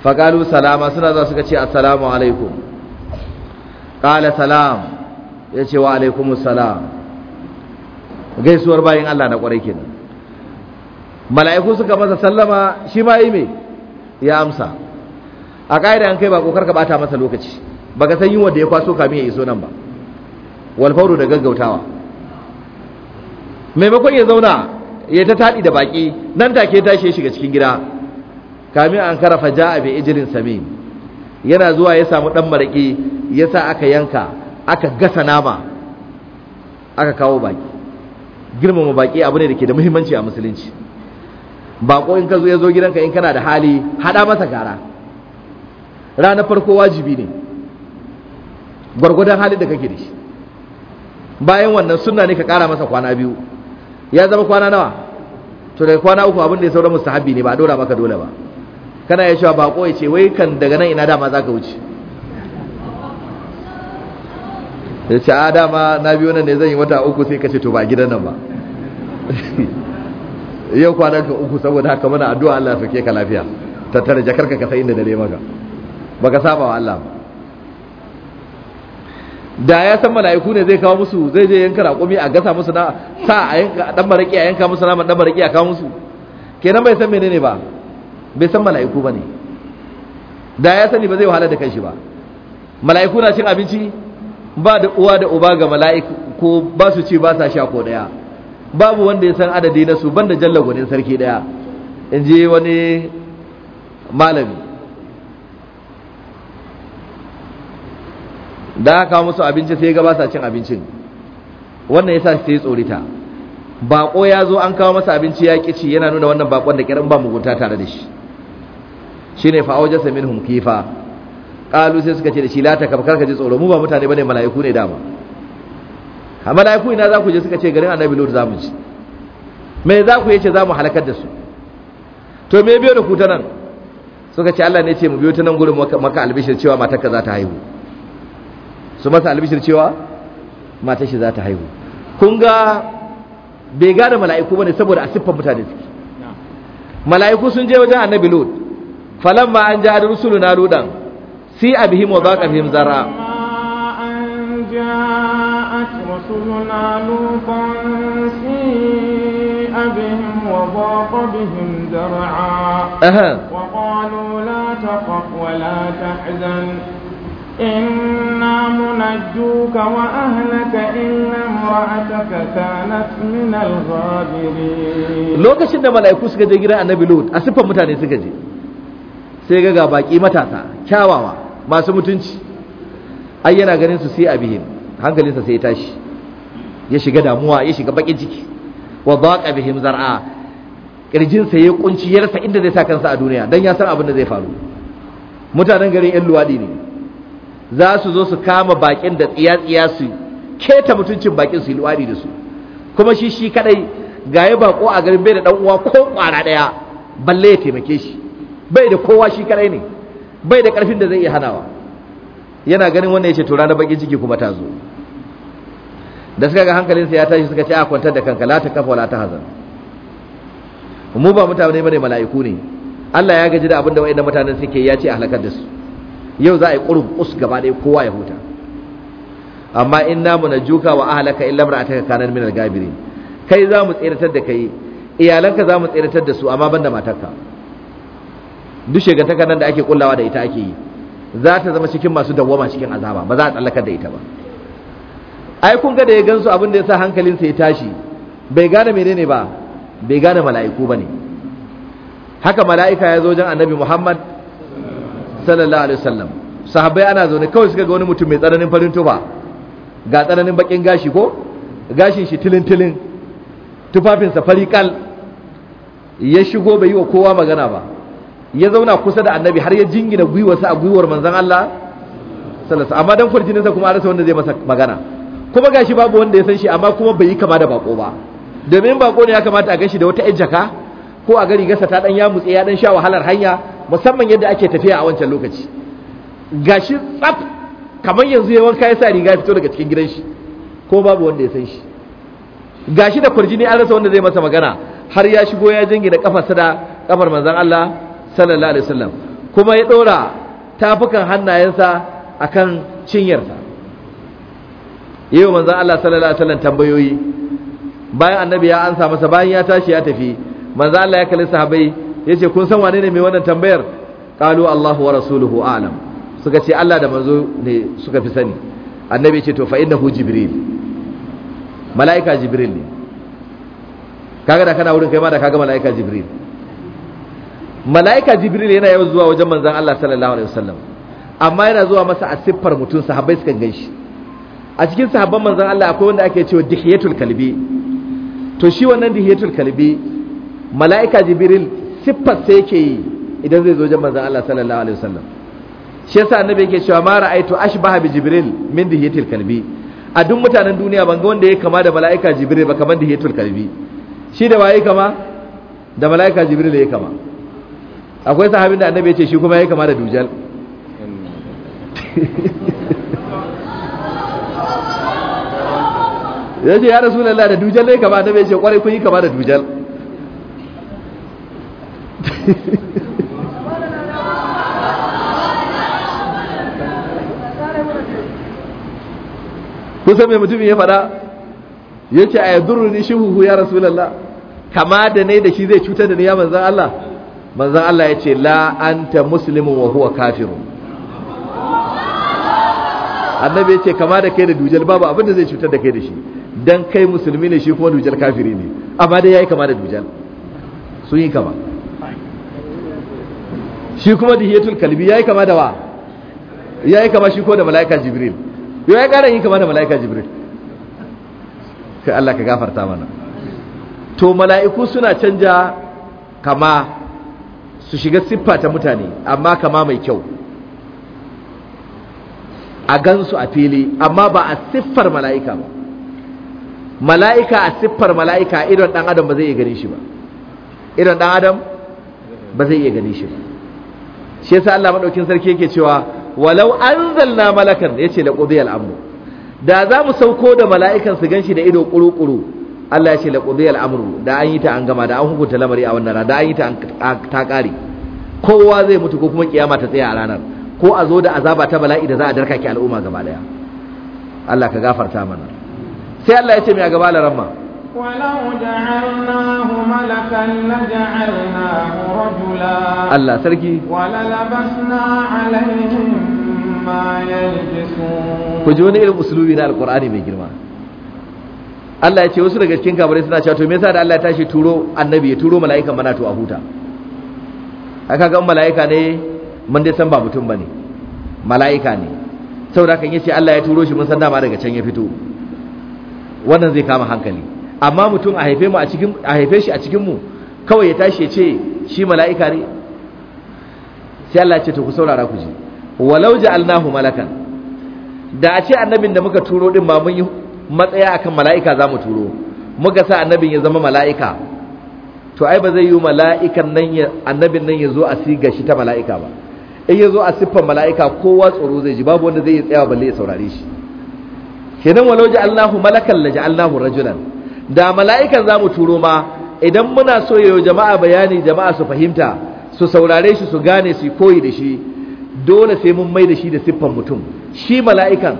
Speaker 1: faƙalu salama suna za suka ce assalamu alaikum ƙala salam ya ce wa alaikum salam gaisuwar bayan Allah na ƙwarai kenan mala'iku suka masa sallama shi ma yi me ya amsa a ƙa'ida an kai ba kokar ka bata masa lokaci baka san yin wanda ya kwaso kamin ya iso nan ba walfauru da gaggautawa maimakon ya zauna ya ta taɗi da baƙi nan take tashi ya shiga cikin gida kamin an karafa ja'a bi ijirin samin yana zuwa ya samu ɗan maraƙi ya sa aka yanka aka gasa nama aka kawo baƙi girmama baƙi abu ne da ke da muhimmanci a musulunci baƙo in ka zo ya zo gidanka in kana da hali haɗa masa gara ranar farko wajibi ne gwargwadon halin da kake da shi bayan wannan sunna ne ka kara masa kwana biyu ya zama kwana nawa to daga kwana uku abin da ya saura mustahabi ne ba a dora maka dole ba kana ya cewa bako ya ce wai kan daga nan ina dama za ka wuce ya ce a dama na biyu nan ne zan yi wata uku sai ka ce to ba gidan nan ba yau kwanan ka uku saboda haka mana addu'a Allah ya sake ka lafiya tattara jakar ka sai inda dare maka baka saba wa Allah ba da ya san mala'iku ne zai kawo musu zai je yanka raƙumi a gasa musu na sa a yanka dan baraki a yanka musu naman dan baraki a kawo musu kenan bai san menene ba bai san mala'iku bane da ya sani ba zai wahala da kanshi ba mala'iku na cin abinci ba da uwa da uba ga mala'iku ko ba su ci ba sa sha ko daya babu wanda ya san adadi na su banda jalla gwanin sarki daya in je wani malami da aka musu abinci sai ga ba sa cin abincin wannan yasa sai ya ta bako ya zo an kawo masa abinci ya kici yana nuna wannan bakon da kiran ba mugunta tare da shi shine fa awjasa minhum kifa qalu sai suka ce da shi la ta kafkar ka ji tsoro mu ba mutane bane mala'iku ne dama a mala'iku ina za ku je suka ce garin annabi lord za mu ci me za ku yace za mu halakar da su to me biyo da ku ta nan suka ce Allah ne ce mu biyo ta nan gurin maka albishir cewa matar ka za ta haihu su masa albishir cewa matar shi za ta haihu kun ga bai gada mala'iku bane saboda a siffar mutane suke mala'iku sun je wajen annabi lut ma an ja da rusulu na ludan si abihim wa baqa bihim zara
Speaker 2: بهم وضاق بهم ذرعا وقالوا لا تخف ولا تحزن إنا منجوك وأهلك إلا امرأتك كانت من الغابرين
Speaker 1: لوكاشن da malaiku suka je gida Annabi Lut a mutane suka je sai ga ga baki matasa kyawawa masu mutunci ai yana ganin su sai abihin hankalinsa sai ya tashi ya shiga damuwa ya shiga bakin ciki wa dhaqa bihim zar'a kirjinsa ya kunci ya rasa inda zai sa kansa a duniya dan ya san abin da zai faru mutanen garin yan luwadi ne za su zo su kama bakin da tsiya-tsiya su keta mutuncin bakin su luwadi da su kuma shi shi kadai ga ya bako a garin bai da dan uwa ko kwara daya balle ya taimake shi bai da kowa shi kadai ne bai da karfin da zai iya hanawa yana ganin wannan yace tura ranar bakin ciki kuma ta zo da suka ga hankalinsa ya tashi suka ce a kwantar da kanka la ta kafa wala ta hazan mu ba mutane bane mala'iku ne Allah ya gaji da abin da waɗannan mutanen suke ya ce a halakar da su yau za a yi ƙurub us gaba ɗaya kowa ya huta amma in namu na juka wa ahalaka in lamra ataka kanan minal gabirin kai za mu tsiratar da kai iyalanka za mu tsiratar da su amma banda matarka duk shegantaka nan da ake kullawa da ita ake yi za ta zama cikin masu dawwama cikin azaba ba za a tsallakar da ita ba ai kun ga da ya gansu abin da ya sa hankalinsa ya tashi bai gane menene ba bai gane mala'iku ba ne haka mala'ika ya zo wajen annabi muhammad sallallahu alaihi wasallam sahabbai ana zaune kawai suka ga wani mutum mai tsananin farin tufa ga tsananin bakin gashi ko gashin shi tilin tilin tufafinsa sa farikal ya shigo bai yi wa kowa magana ba ya zauna kusa da annabi har ya jingina gwiwarsa a gwiwar manzon Allah sallallahu amma dan sa kuma arsa wanda zai masa magana kuma gashi babu wanda ya san shi amma kuma bai yi kama da bako ba domin bako ne ya kamata a gashi da wata ƴar jaka ko a gari gasa ta dan ya mutse ya dan sha wahalar hanya musamman yadda ake tafiya a wancan lokaci gashi tsaf kamar yanzu ya wanka ya sa riga ya fito daga cikin gidan shi ko babu wanda ya san shi gashi da kurjini an rasa wanda zai masa magana har ya shigo ya jingina da kafar manzon Allah sallallahu alaihi wasallam kuma ya dora tafukan hannayensa akan cinyarsa yau manzon Allah sallallahu alaihi wasallam tambayoyi bayan annabi ya ansa masa bayan ya tashi ya tafi manzon Allah ya kalli sahabbai yace kun san wane ne mai wannan tambayar qalu Allahu wa rasuluhu a'lam suka ce Allah da manzo ne suka fi sani annabi ce to fa innahu jibril mala'ika jibril ne kaga da kana wurin kai ma da kaga mala'ika jibril mala'ika jibril yana yawan zuwa wajen manzon Allah sallallahu alaihi wasallam amma yana zuwa masa a siffar mutum sahabbai suka ganshi a cikin sahabban manzon Allah akwai wanda ake cewa dihiyatul kalbi to shi wannan dihiyatul kalbi mala'ika jibril siffar sai yake yi idan zai zo manzon Allah sallallahu alaihi wasallam shi yasa annabi yake cewa ma ra'aitu ashbaha bi jibril min dihiyatil kalbi a duk mutanen duniya ban ga wanda ya kama da mala'ika jibril ba kamar dihiyatul kalbi shi da waye kama da mala'ika jibril ya kama akwai sahabin da annabi ya shi kuma ya kama da dujal yaje ya rasulullahi da dujal ne kama annabi yace ce kwarai kun yi kama da dujal kusan mai mutumin ya faɗa ya ce a yadurru ni shi huhu ya rasulallah kama da ne da shi zai cutar da ni ya manzan Allah manzan Allah ya ce la'anta musulmin wa huwa kafirun annabi ya ce kama da kai da dujal babu abinda zai cutar da kai da shi Don kai musulmi ne shi kuma dujal kafiri ne amma dai yi kama da dujal sun yi kama shi kuma dihiyatul kalbi yayi kama da wa yayi kama shi ko da malaika jibril yau ya ƙara yi kama da malaika jibril Sai Allah ka gafarta mana to mala'iku suna canja kama su shiga siffa ta mutane amma kama mai kyau a gansu a fili amma ba a siffar mala'ika ba mala'ika a siffar mala'ika idon dan adam ba zai iya gani shi ba idon ɗan adam ba zai iya gani shi ba shi yasa Allah madaukin sarki yake cewa walau anzalna malakan yace la qudiya al-amru da za mu sauko da mala'ikan su ganshi da ido kurukuru Allah ya ce la qudiya al-amru da an yi ta an gama da an hukunta lamari a wannan rana da an yi ta ta kare kowa zai mutu ko kuma kiyama ta tsaya a ranar ko a zo da azaba ta bala'i da za a darka ki al'umma gaba daya Allah ka gafarta mana sai Allah ya ce mai gaba laramma
Speaker 2: Allah sarki.
Speaker 3: ku
Speaker 1: ji wani irin usulubi na alkur'ani mai girma Allah ya ce wasu daga cikin kabarai suna cewa to me yasa da Allah ya tashi turo annabi ya turo mala'ika mana to a huta haka ga mala'ika ne mun dai san ba mutum bane mala'ika ne saboda kan yace Allah ya turo shi mun san dama daga can ya fito wannan zai kama hankali amma mutum a haife mu a cikin a haife shi a cikin mu kawai ya tashi ya ce shi mala'ika ne sai Allah ya ce to ku saurara ku ji walau ja'alnahu malakan da a ce annabin da muka turo din ba mun yi matsaya akan mala'ika za mu turo muka sa annabin ya zama mala'ika to ai ba zai yi mala'ikan nan ya annabin nan ya zo a siga shi ta mala'ika ba in ya zo a siffan mala'ika kowa tsoro zai ji babu wanda zai yi tsaya balle ya saurare shi kenan walau ja'alnahu malakan la ja'alnahu rajulan da mala'ikan za mu turo ma idan muna so yau jama'a bayani jama'a su fahimta su saurare shi su gane su koyi da shi dole sai mun mai da shi da siffan mutum shi mala'ikan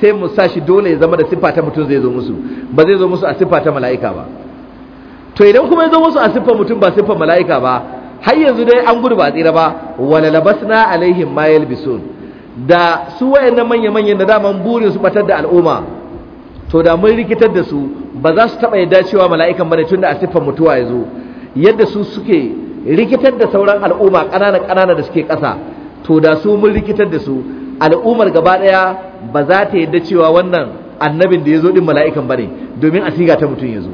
Speaker 1: sai mu sa shi dole ya zama da siffa ta mutum zai zo musu ba zai zo musu a siffa ta mala'ika ba to idan kuma ya zo musu a siffan mutum ba siffan mala'ika ba har yanzu dai an gudu ba tsira ba wala labasna alaihim ma yalbisun da su wayannan manya-manyan da daman burin su batar da al'umma to da mun rikitar da su ba za su taɓa yadda cewa mala'ikan bane tunda a siffar mutuwa ya zo yadda su suke rikitar da sauran al'umma ƙanana ƙanana da suke ƙasa to da su mun rikitar da su al'ummar gaba ɗaya ba za ta yadda cewa wannan annabin da ya zo ɗin mala'ikan bane domin a siga ta mutum ya zo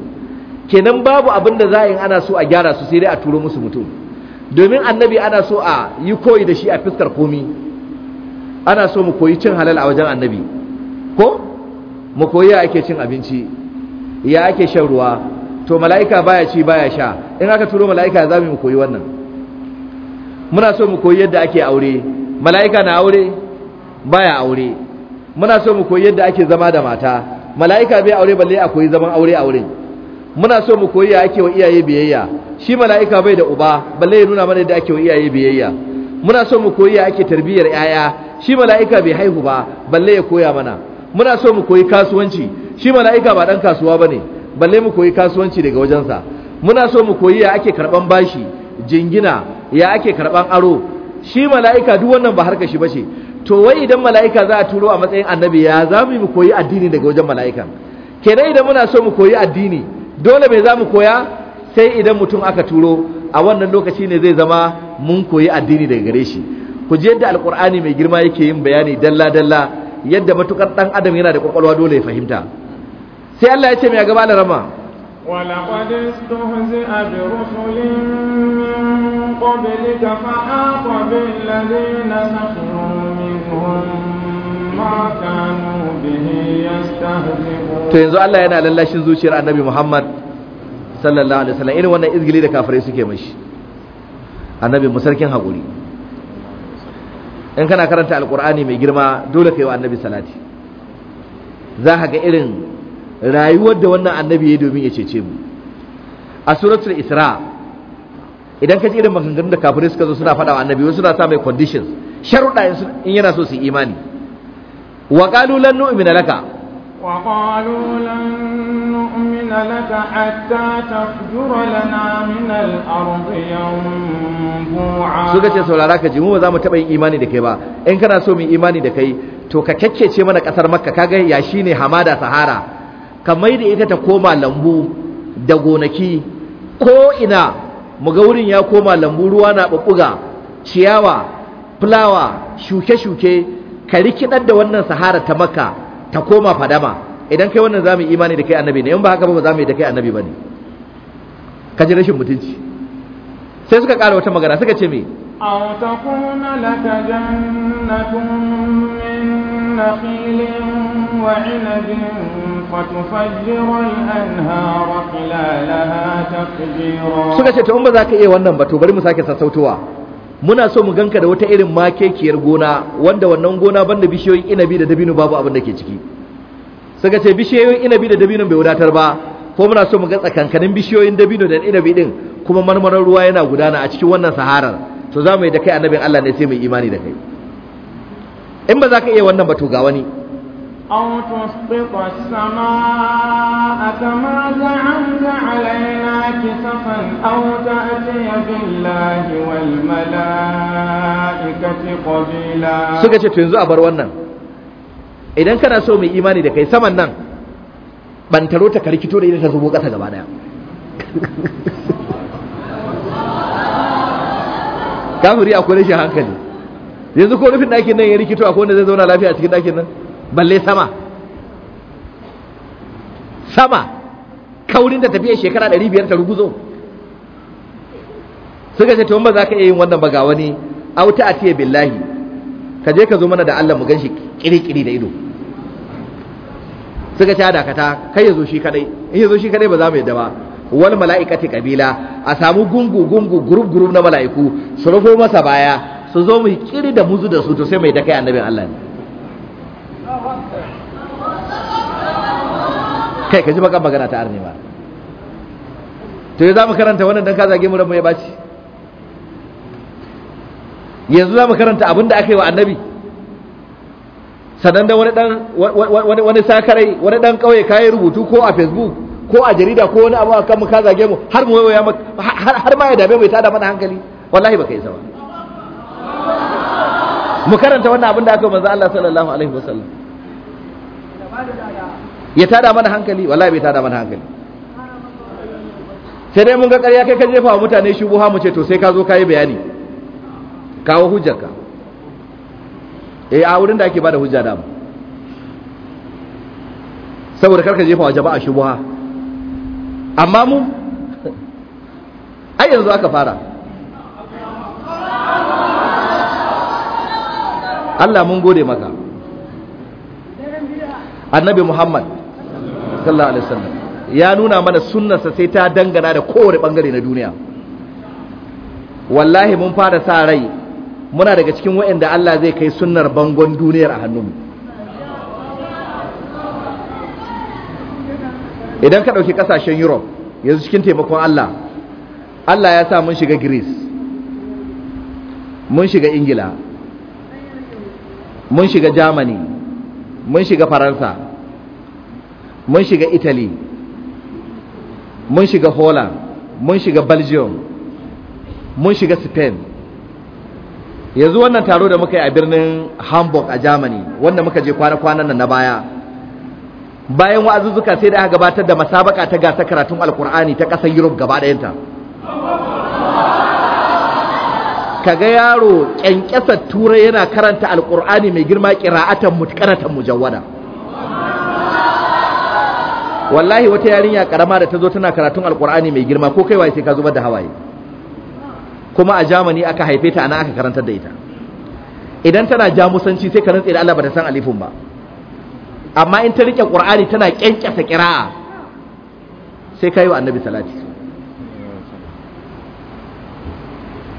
Speaker 1: kenan babu abin da za a yi ana so a gyara su sai dai a turo musu mutum domin annabi ana so a yi koyi da shi a fuskar komi ana so mu koyi cin halal a wajen annabi ko mu koyi ya ake cin abinci ya ake shan ruwa to mala'ika baya ci baya sha in aka turo mala'ika za mu koyi wannan muna so mu koyi yadda ake aure mala'ika na aure baya aure muna so mu koyi yadda ake zama da mata mala'ika bai aure balle a zaman aure aure muna so mu koyi ya ake wa iyaye biyayya shi mala'ika bai da uba balle ya nuna mana yadda ake wa iyaye biyayya muna so mu koyi ya ake tarbiyyar 'ya'ya shi mala'ika bai haihu ba balle ya koya mana muna so mu koyi kasuwanci shi mala'ika ba dan kasuwa bane balle mu koyi kasuwanci daga wajensa muna so mu koyi ya ake karban bashi jingina ya ake karban aro shi mala'ika duk wannan ba harka shi bace to wai idan mala'ika za a turo a matsayin annabi ya za mu koyi addini daga wajen mala'ika kenan idan muna so mu koyi addini dole me za mu koya sai idan mutum aka turo a wannan lokaci ne zai zama mun koyi addini daga gare shi ku je yadda alkur'ani mai girma yake yin bayani dalla dalla yadda matukar dan adam yana da kwakwalwa dole ya fahimta sai Allah ya ce mai gaba da rama to yanzu Allah yana lallashin zuciyar Annabi Muhammad sallallahu alaihi wasallam irin wannan izgili da kafirai suke mashi Annabi Musarkin haƙuri hakuri in kana karanta Alƙur'ani mai girma dole ka yi wa Annabi salati za ka ga irin rayuwar da wannan annabi ya domin ya cece mu a suratul isra idan ka ji irin maganganun da kafirai suka zo suna faɗa wa annabi wasu suna sa mai conditions sharuɗa in yana so su yi imani wa qalu lan nu'mina laka
Speaker 2: wa qalu lan nu'mina laka hatta tafjura lana min al ardh yanbu'a suka ce saurara
Speaker 1: ka ji mu ba za mu taɓa yin imani da kai ba in kana so mu imani da kai to ka kyakkece mana ƙasar makka kaga yashi ne hamada sahara kamar da ita ta koma lambu da gonaki ko ina muga wurin ya koma lambu ruwa na babbuga ciyawa fulawa shuke-shuke ka rikidar da wannan sahara ta maka ta koma fadama idan kai wannan zamu imani da kai annabi ne in ba haka ba zamu yi da kai annabi bane ka ji rashin mutunci sai suka ƙara wata magana suka ce me
Speaker 2: min nakhilin suka
Speaker 1: ce ta in ba za ka iya wannan ba to bari mu sake sassautowa muna so mu ganka da wata irin makekiyar gona wanda wannan gona banda bishiyoyin inabi da dabino babu abin da ke ciki suka ce bishiyoyin inabi da dabino bai wadatar ba ko muna so mu ga tsakankanin bishiyoyin dabino da inabi din kuma marmarar ruwa yana gudana a cikin wannan saharar to za mu yi da kai annabin Allah ne sai mu imani da kai in ba za ka iya wannan ba to ga wani
Speaker 2: أو تسقط السماء كما زعمت علينا كسفا أو تأتي بالله والملائكة
Speaker 1: قبيلا suka ce to yanzu a bar wannan idan kana so mai imani da kai saman nan ban bantaro ta karkito da ita ta zubo ƙasa gaba daya kafiri akwai rashin hankali yanzu ko rufin ɗakin nan ya rikito akwai wanda zai zauna lafiya a cikin ɗakin nan balle sama sama kaurin da tafiya shekara 500 ta ruguzo suka ce to ba za ka iya yin wannan baga wani auta a tiye billahi ka je ka zo mana da Allah mu gan shi kirikiri da ido suka ce dakata kai ya zo shi kadai in ya zo shi kadai ba za mu yadda ba wal mala'ikati kabila a samu gungu gungu gurub-gurub na mala'iku su rufo masa baya su zo mu kiri da muzu da su to sai mai da kai annabin Allah ne kai ka ji baka magana ta arne ba to ya za mu karanta wannan dan ka zage mu ran ya baci yanzu za mu karanta abinda da aka yi wa annabi sanan da wani dan wani sakarai wani dan kauye kai rubutu ko a facebook ko a jarida ko wani abu akan mu ka zage mu har mu waya har ma ya dabe mai tada mana hankali wallahi baka yi zama mu karanta wannan abinda da aka yi manzo Allah sallallahu alaihi wasallam ya tada mana hankali wallahi bai tada mana hankali sai dai mun ga ƙarya kai ka jefa wa mutane shubuha mu ce to sai ka zo ka yi bayani kawo hujjarka eh a wurin da ake bada hujja da mu saboda karka jefa wa jama'a shubuha amma mu ai yanzu aka fara Allah mun gode maka annabi muhammad sallallahu alaihi wasallam ya nuna mana sunnarsa sai ta dangana da kowane bangare na duniya wallahi mun fara sa rai muna daga cikin waɗanda Allah zai kai sunnar bangon duniyar a hannunmu idan ka ɗauki ƙasashen europe yanzu cikin taimakon Allah Allah ya sa mun shiga greece mun shiga ingila mun shiga germany mun shiga faransa mun shiga italy mun shiga holland mun shiga belgium mun shiga spain yanzu wannan taro da muka yi a birnin hamburg a germany wanda muka je kwana-kwanan na baya bayan wa'azuzzuka sai da aka gabatar da masabaka ta gasa karatun alkur'ani ta ƙasar europe gaba ga yaro kyankyasar turai yana karanta alkur'ani mai girma kira'atan mutkaratan mujawwada wallahi wata yarinya karama da ta zo tana karatun alkur'ani mai girma ko kaiwa sai ka zubar da hawaye kuma a jamani aka haife ta ana aka karanta da ita idan tana jamusanci sai ka rantse da Allah ba ta san alifin ba amma in ta rike ƙur'ani tana kyankyasa kira'a sai kai wa annabi salati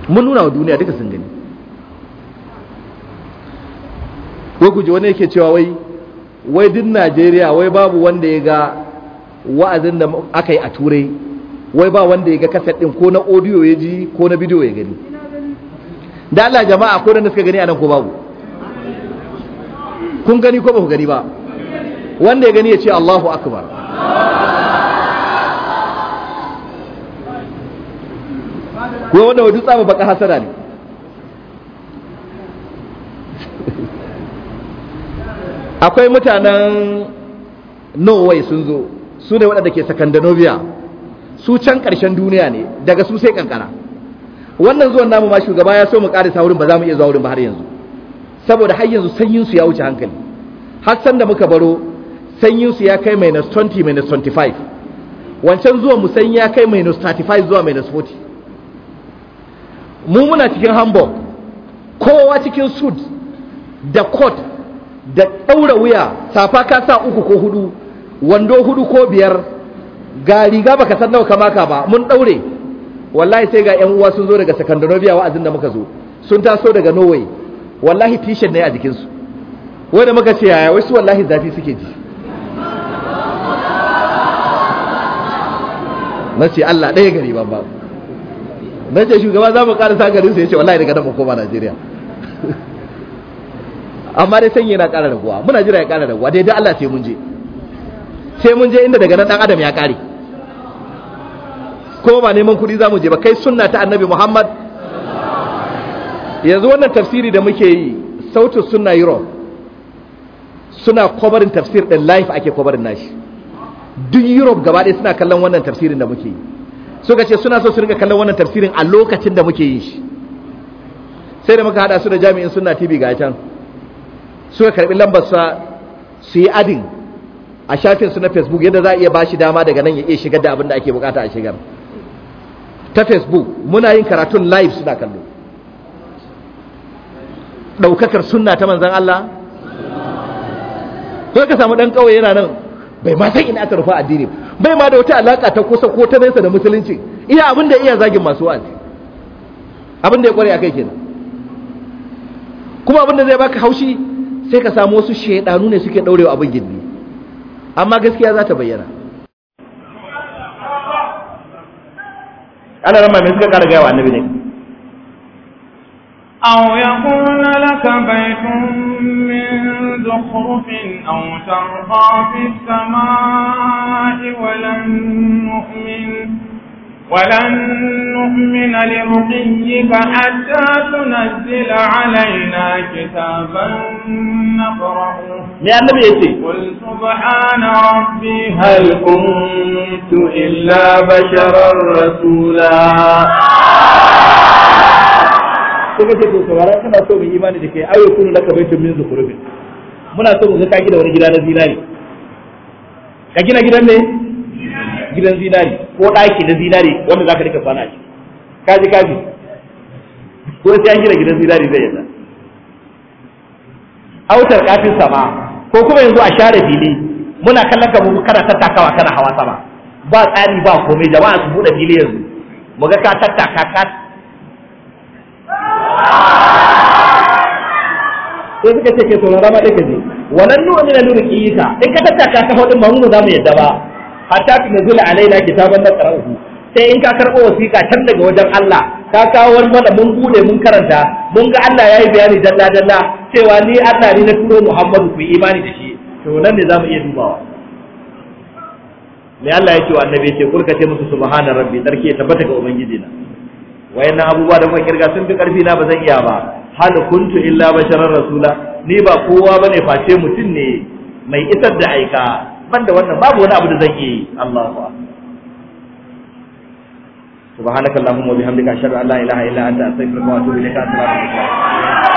Speaker 1: mun nuna wa duniya duka sun gani Ko ku wani yake cewa wai wai duk najeriya wai babu wanda ya ga wa'azin da aka yi a turai wai ba wanda ya ga kaset ɗin ko na audio ya ji ko na bidiyo ya gani da Allah jama'a ko da suka gani anan ko babu kun gani ko ba ku gani ba wanda ya gani ya ce Allahu akbar ko wanda wa dutsa baka hasara ne akwai mutanen norway sun zo su ne waɗanda ke sakandanoviya su can ƙarshen duniya ne daga su sai kankana wannan zuwan namu ma shugaba ya so mu ƙarisa wurin ba za mu iya zuwa wurin ba har yanzu saboda har yanzu sanyinsu ya wuce hankali har san da muka baro sanyinsu ya kai minus 20 minus 25 wancan zuwan mu sanyi ya kai minus 35 zuwa minus 40 mu muna cikin hamburg kowa cikin suit da coat da ɗaura wuya safa ka sa uku ko hudu wando hudu ko biyar ga riga baka san nawa kamaka ba mun ɗaure wallahi sai ga yan uwa sun zo daga Scandinavia wa'azin da muka zo sun taso daga Norway wallahi t-shirt ne a jikinsu wai muka ce yaya wasu wallahi zafi suke ji na ce Allah ɗaya gari ba ba na ce shugaba za mu karasa garin su ya ce wallahi daga nan koma Najeriya amma dai sanyi yana da raguwa muna jira ya kara raguwa dai dai Allah sai mun je sai mun je inda daga nan dan adam ya kare ko ba neman kuɗi za mu je ba kai sunna ta annabi Muhammad yanzu wannan tafsiri da muke yi sautin sunna Europe suna kobarin tafsir din laif ake kobarin nashi duk Europe gaba ɗaya suna kallon wannan tafsirin da muke yi suka ce suna so su rinka kallon wannan tafsirin a lokacin da muke yin shi sai da muka hada su da jami'in sunna tv ga can suka karbi lambar sa su yi adin a shafin su na facebook yadda za a iya bashi dama daga nan ya iya shigar da abin da ake bukata a shigar ta facebook muna yin karatun live suna kallo daukakar sunna ta manzon Allah ko ka samu dan kauye yana nan bai ma san ina aka rufa addini ba bai ma da wata alaka ta kusa ko ta nesa da musulunci iya abin da iya zagin masu wa'azi abin da ya kware kai kenan kuma abin da zai baka haushi sai ka samu wasu shaidanu ne suke daurewa abin gindi amma gaskiya za ta bayyana ana rama mai suka kara gaya wa annabi ne
Speaker 3: أو
Speaker 2: يكون لك بيت من زخرف أو ترقى في السماء ولن نؤمن ولن نؤمن لرقيك حتى تنزل علينا كتابا نقرأه يا النبي قل سبحان ربي هل كنت إلا بشرا
Speaker 1: رسولا suka ce to saurara suna so mai imani da kai ayo kunu laka baitun min zukurubin muna so mu ga kaki da wani gida na zinari ka gina gidan ne gidan zinari ko ɗaki na zinari wanda zaka rika kwana shi kaji kaji ko sai an gina gidan zinari zai yadda autar kafin sama ko kuma yanzu a share fili muna kallon ka mu kana tattakawa kana hawa sama ba tsari ba komai jama'a su bude fili yanzu mu ga ka tattaka ka sai suka ce ke saurara rama ɗaya gaji wannan nuna nuna nuna kiyika in ka tattaka ka kafa ba mu za mu yadda ba hatta tu nazula alaina sabon na qara'uhu sai in ka karɓo wasiƙa can daga wajen Allah ka kawo wani mana mun bude mun karanta mun ga Allah ya yi bayani dalla dalla cewa ni Allah ne na turo Muhammadu ku yi imani da shi to nan ne za mu iya dubawa me Allah ya ce wa annabi ya ce kulka ce musu subhana rabbi tsarki ya tabbata ga ubangiji na wayannan abubuwa da muka kirga sun fi karfi na ba zan iya ba hal kuntu illa basharar rasula ni ba kowa bane face mutum ne mai isar da aika banda wannan babu wani abu da zan yi Allahu akbar subhanakallahumma wa bihamdika ashhadu an la ilaha illa anta astaghfiruka wa atubu ilaika assalamu alaikum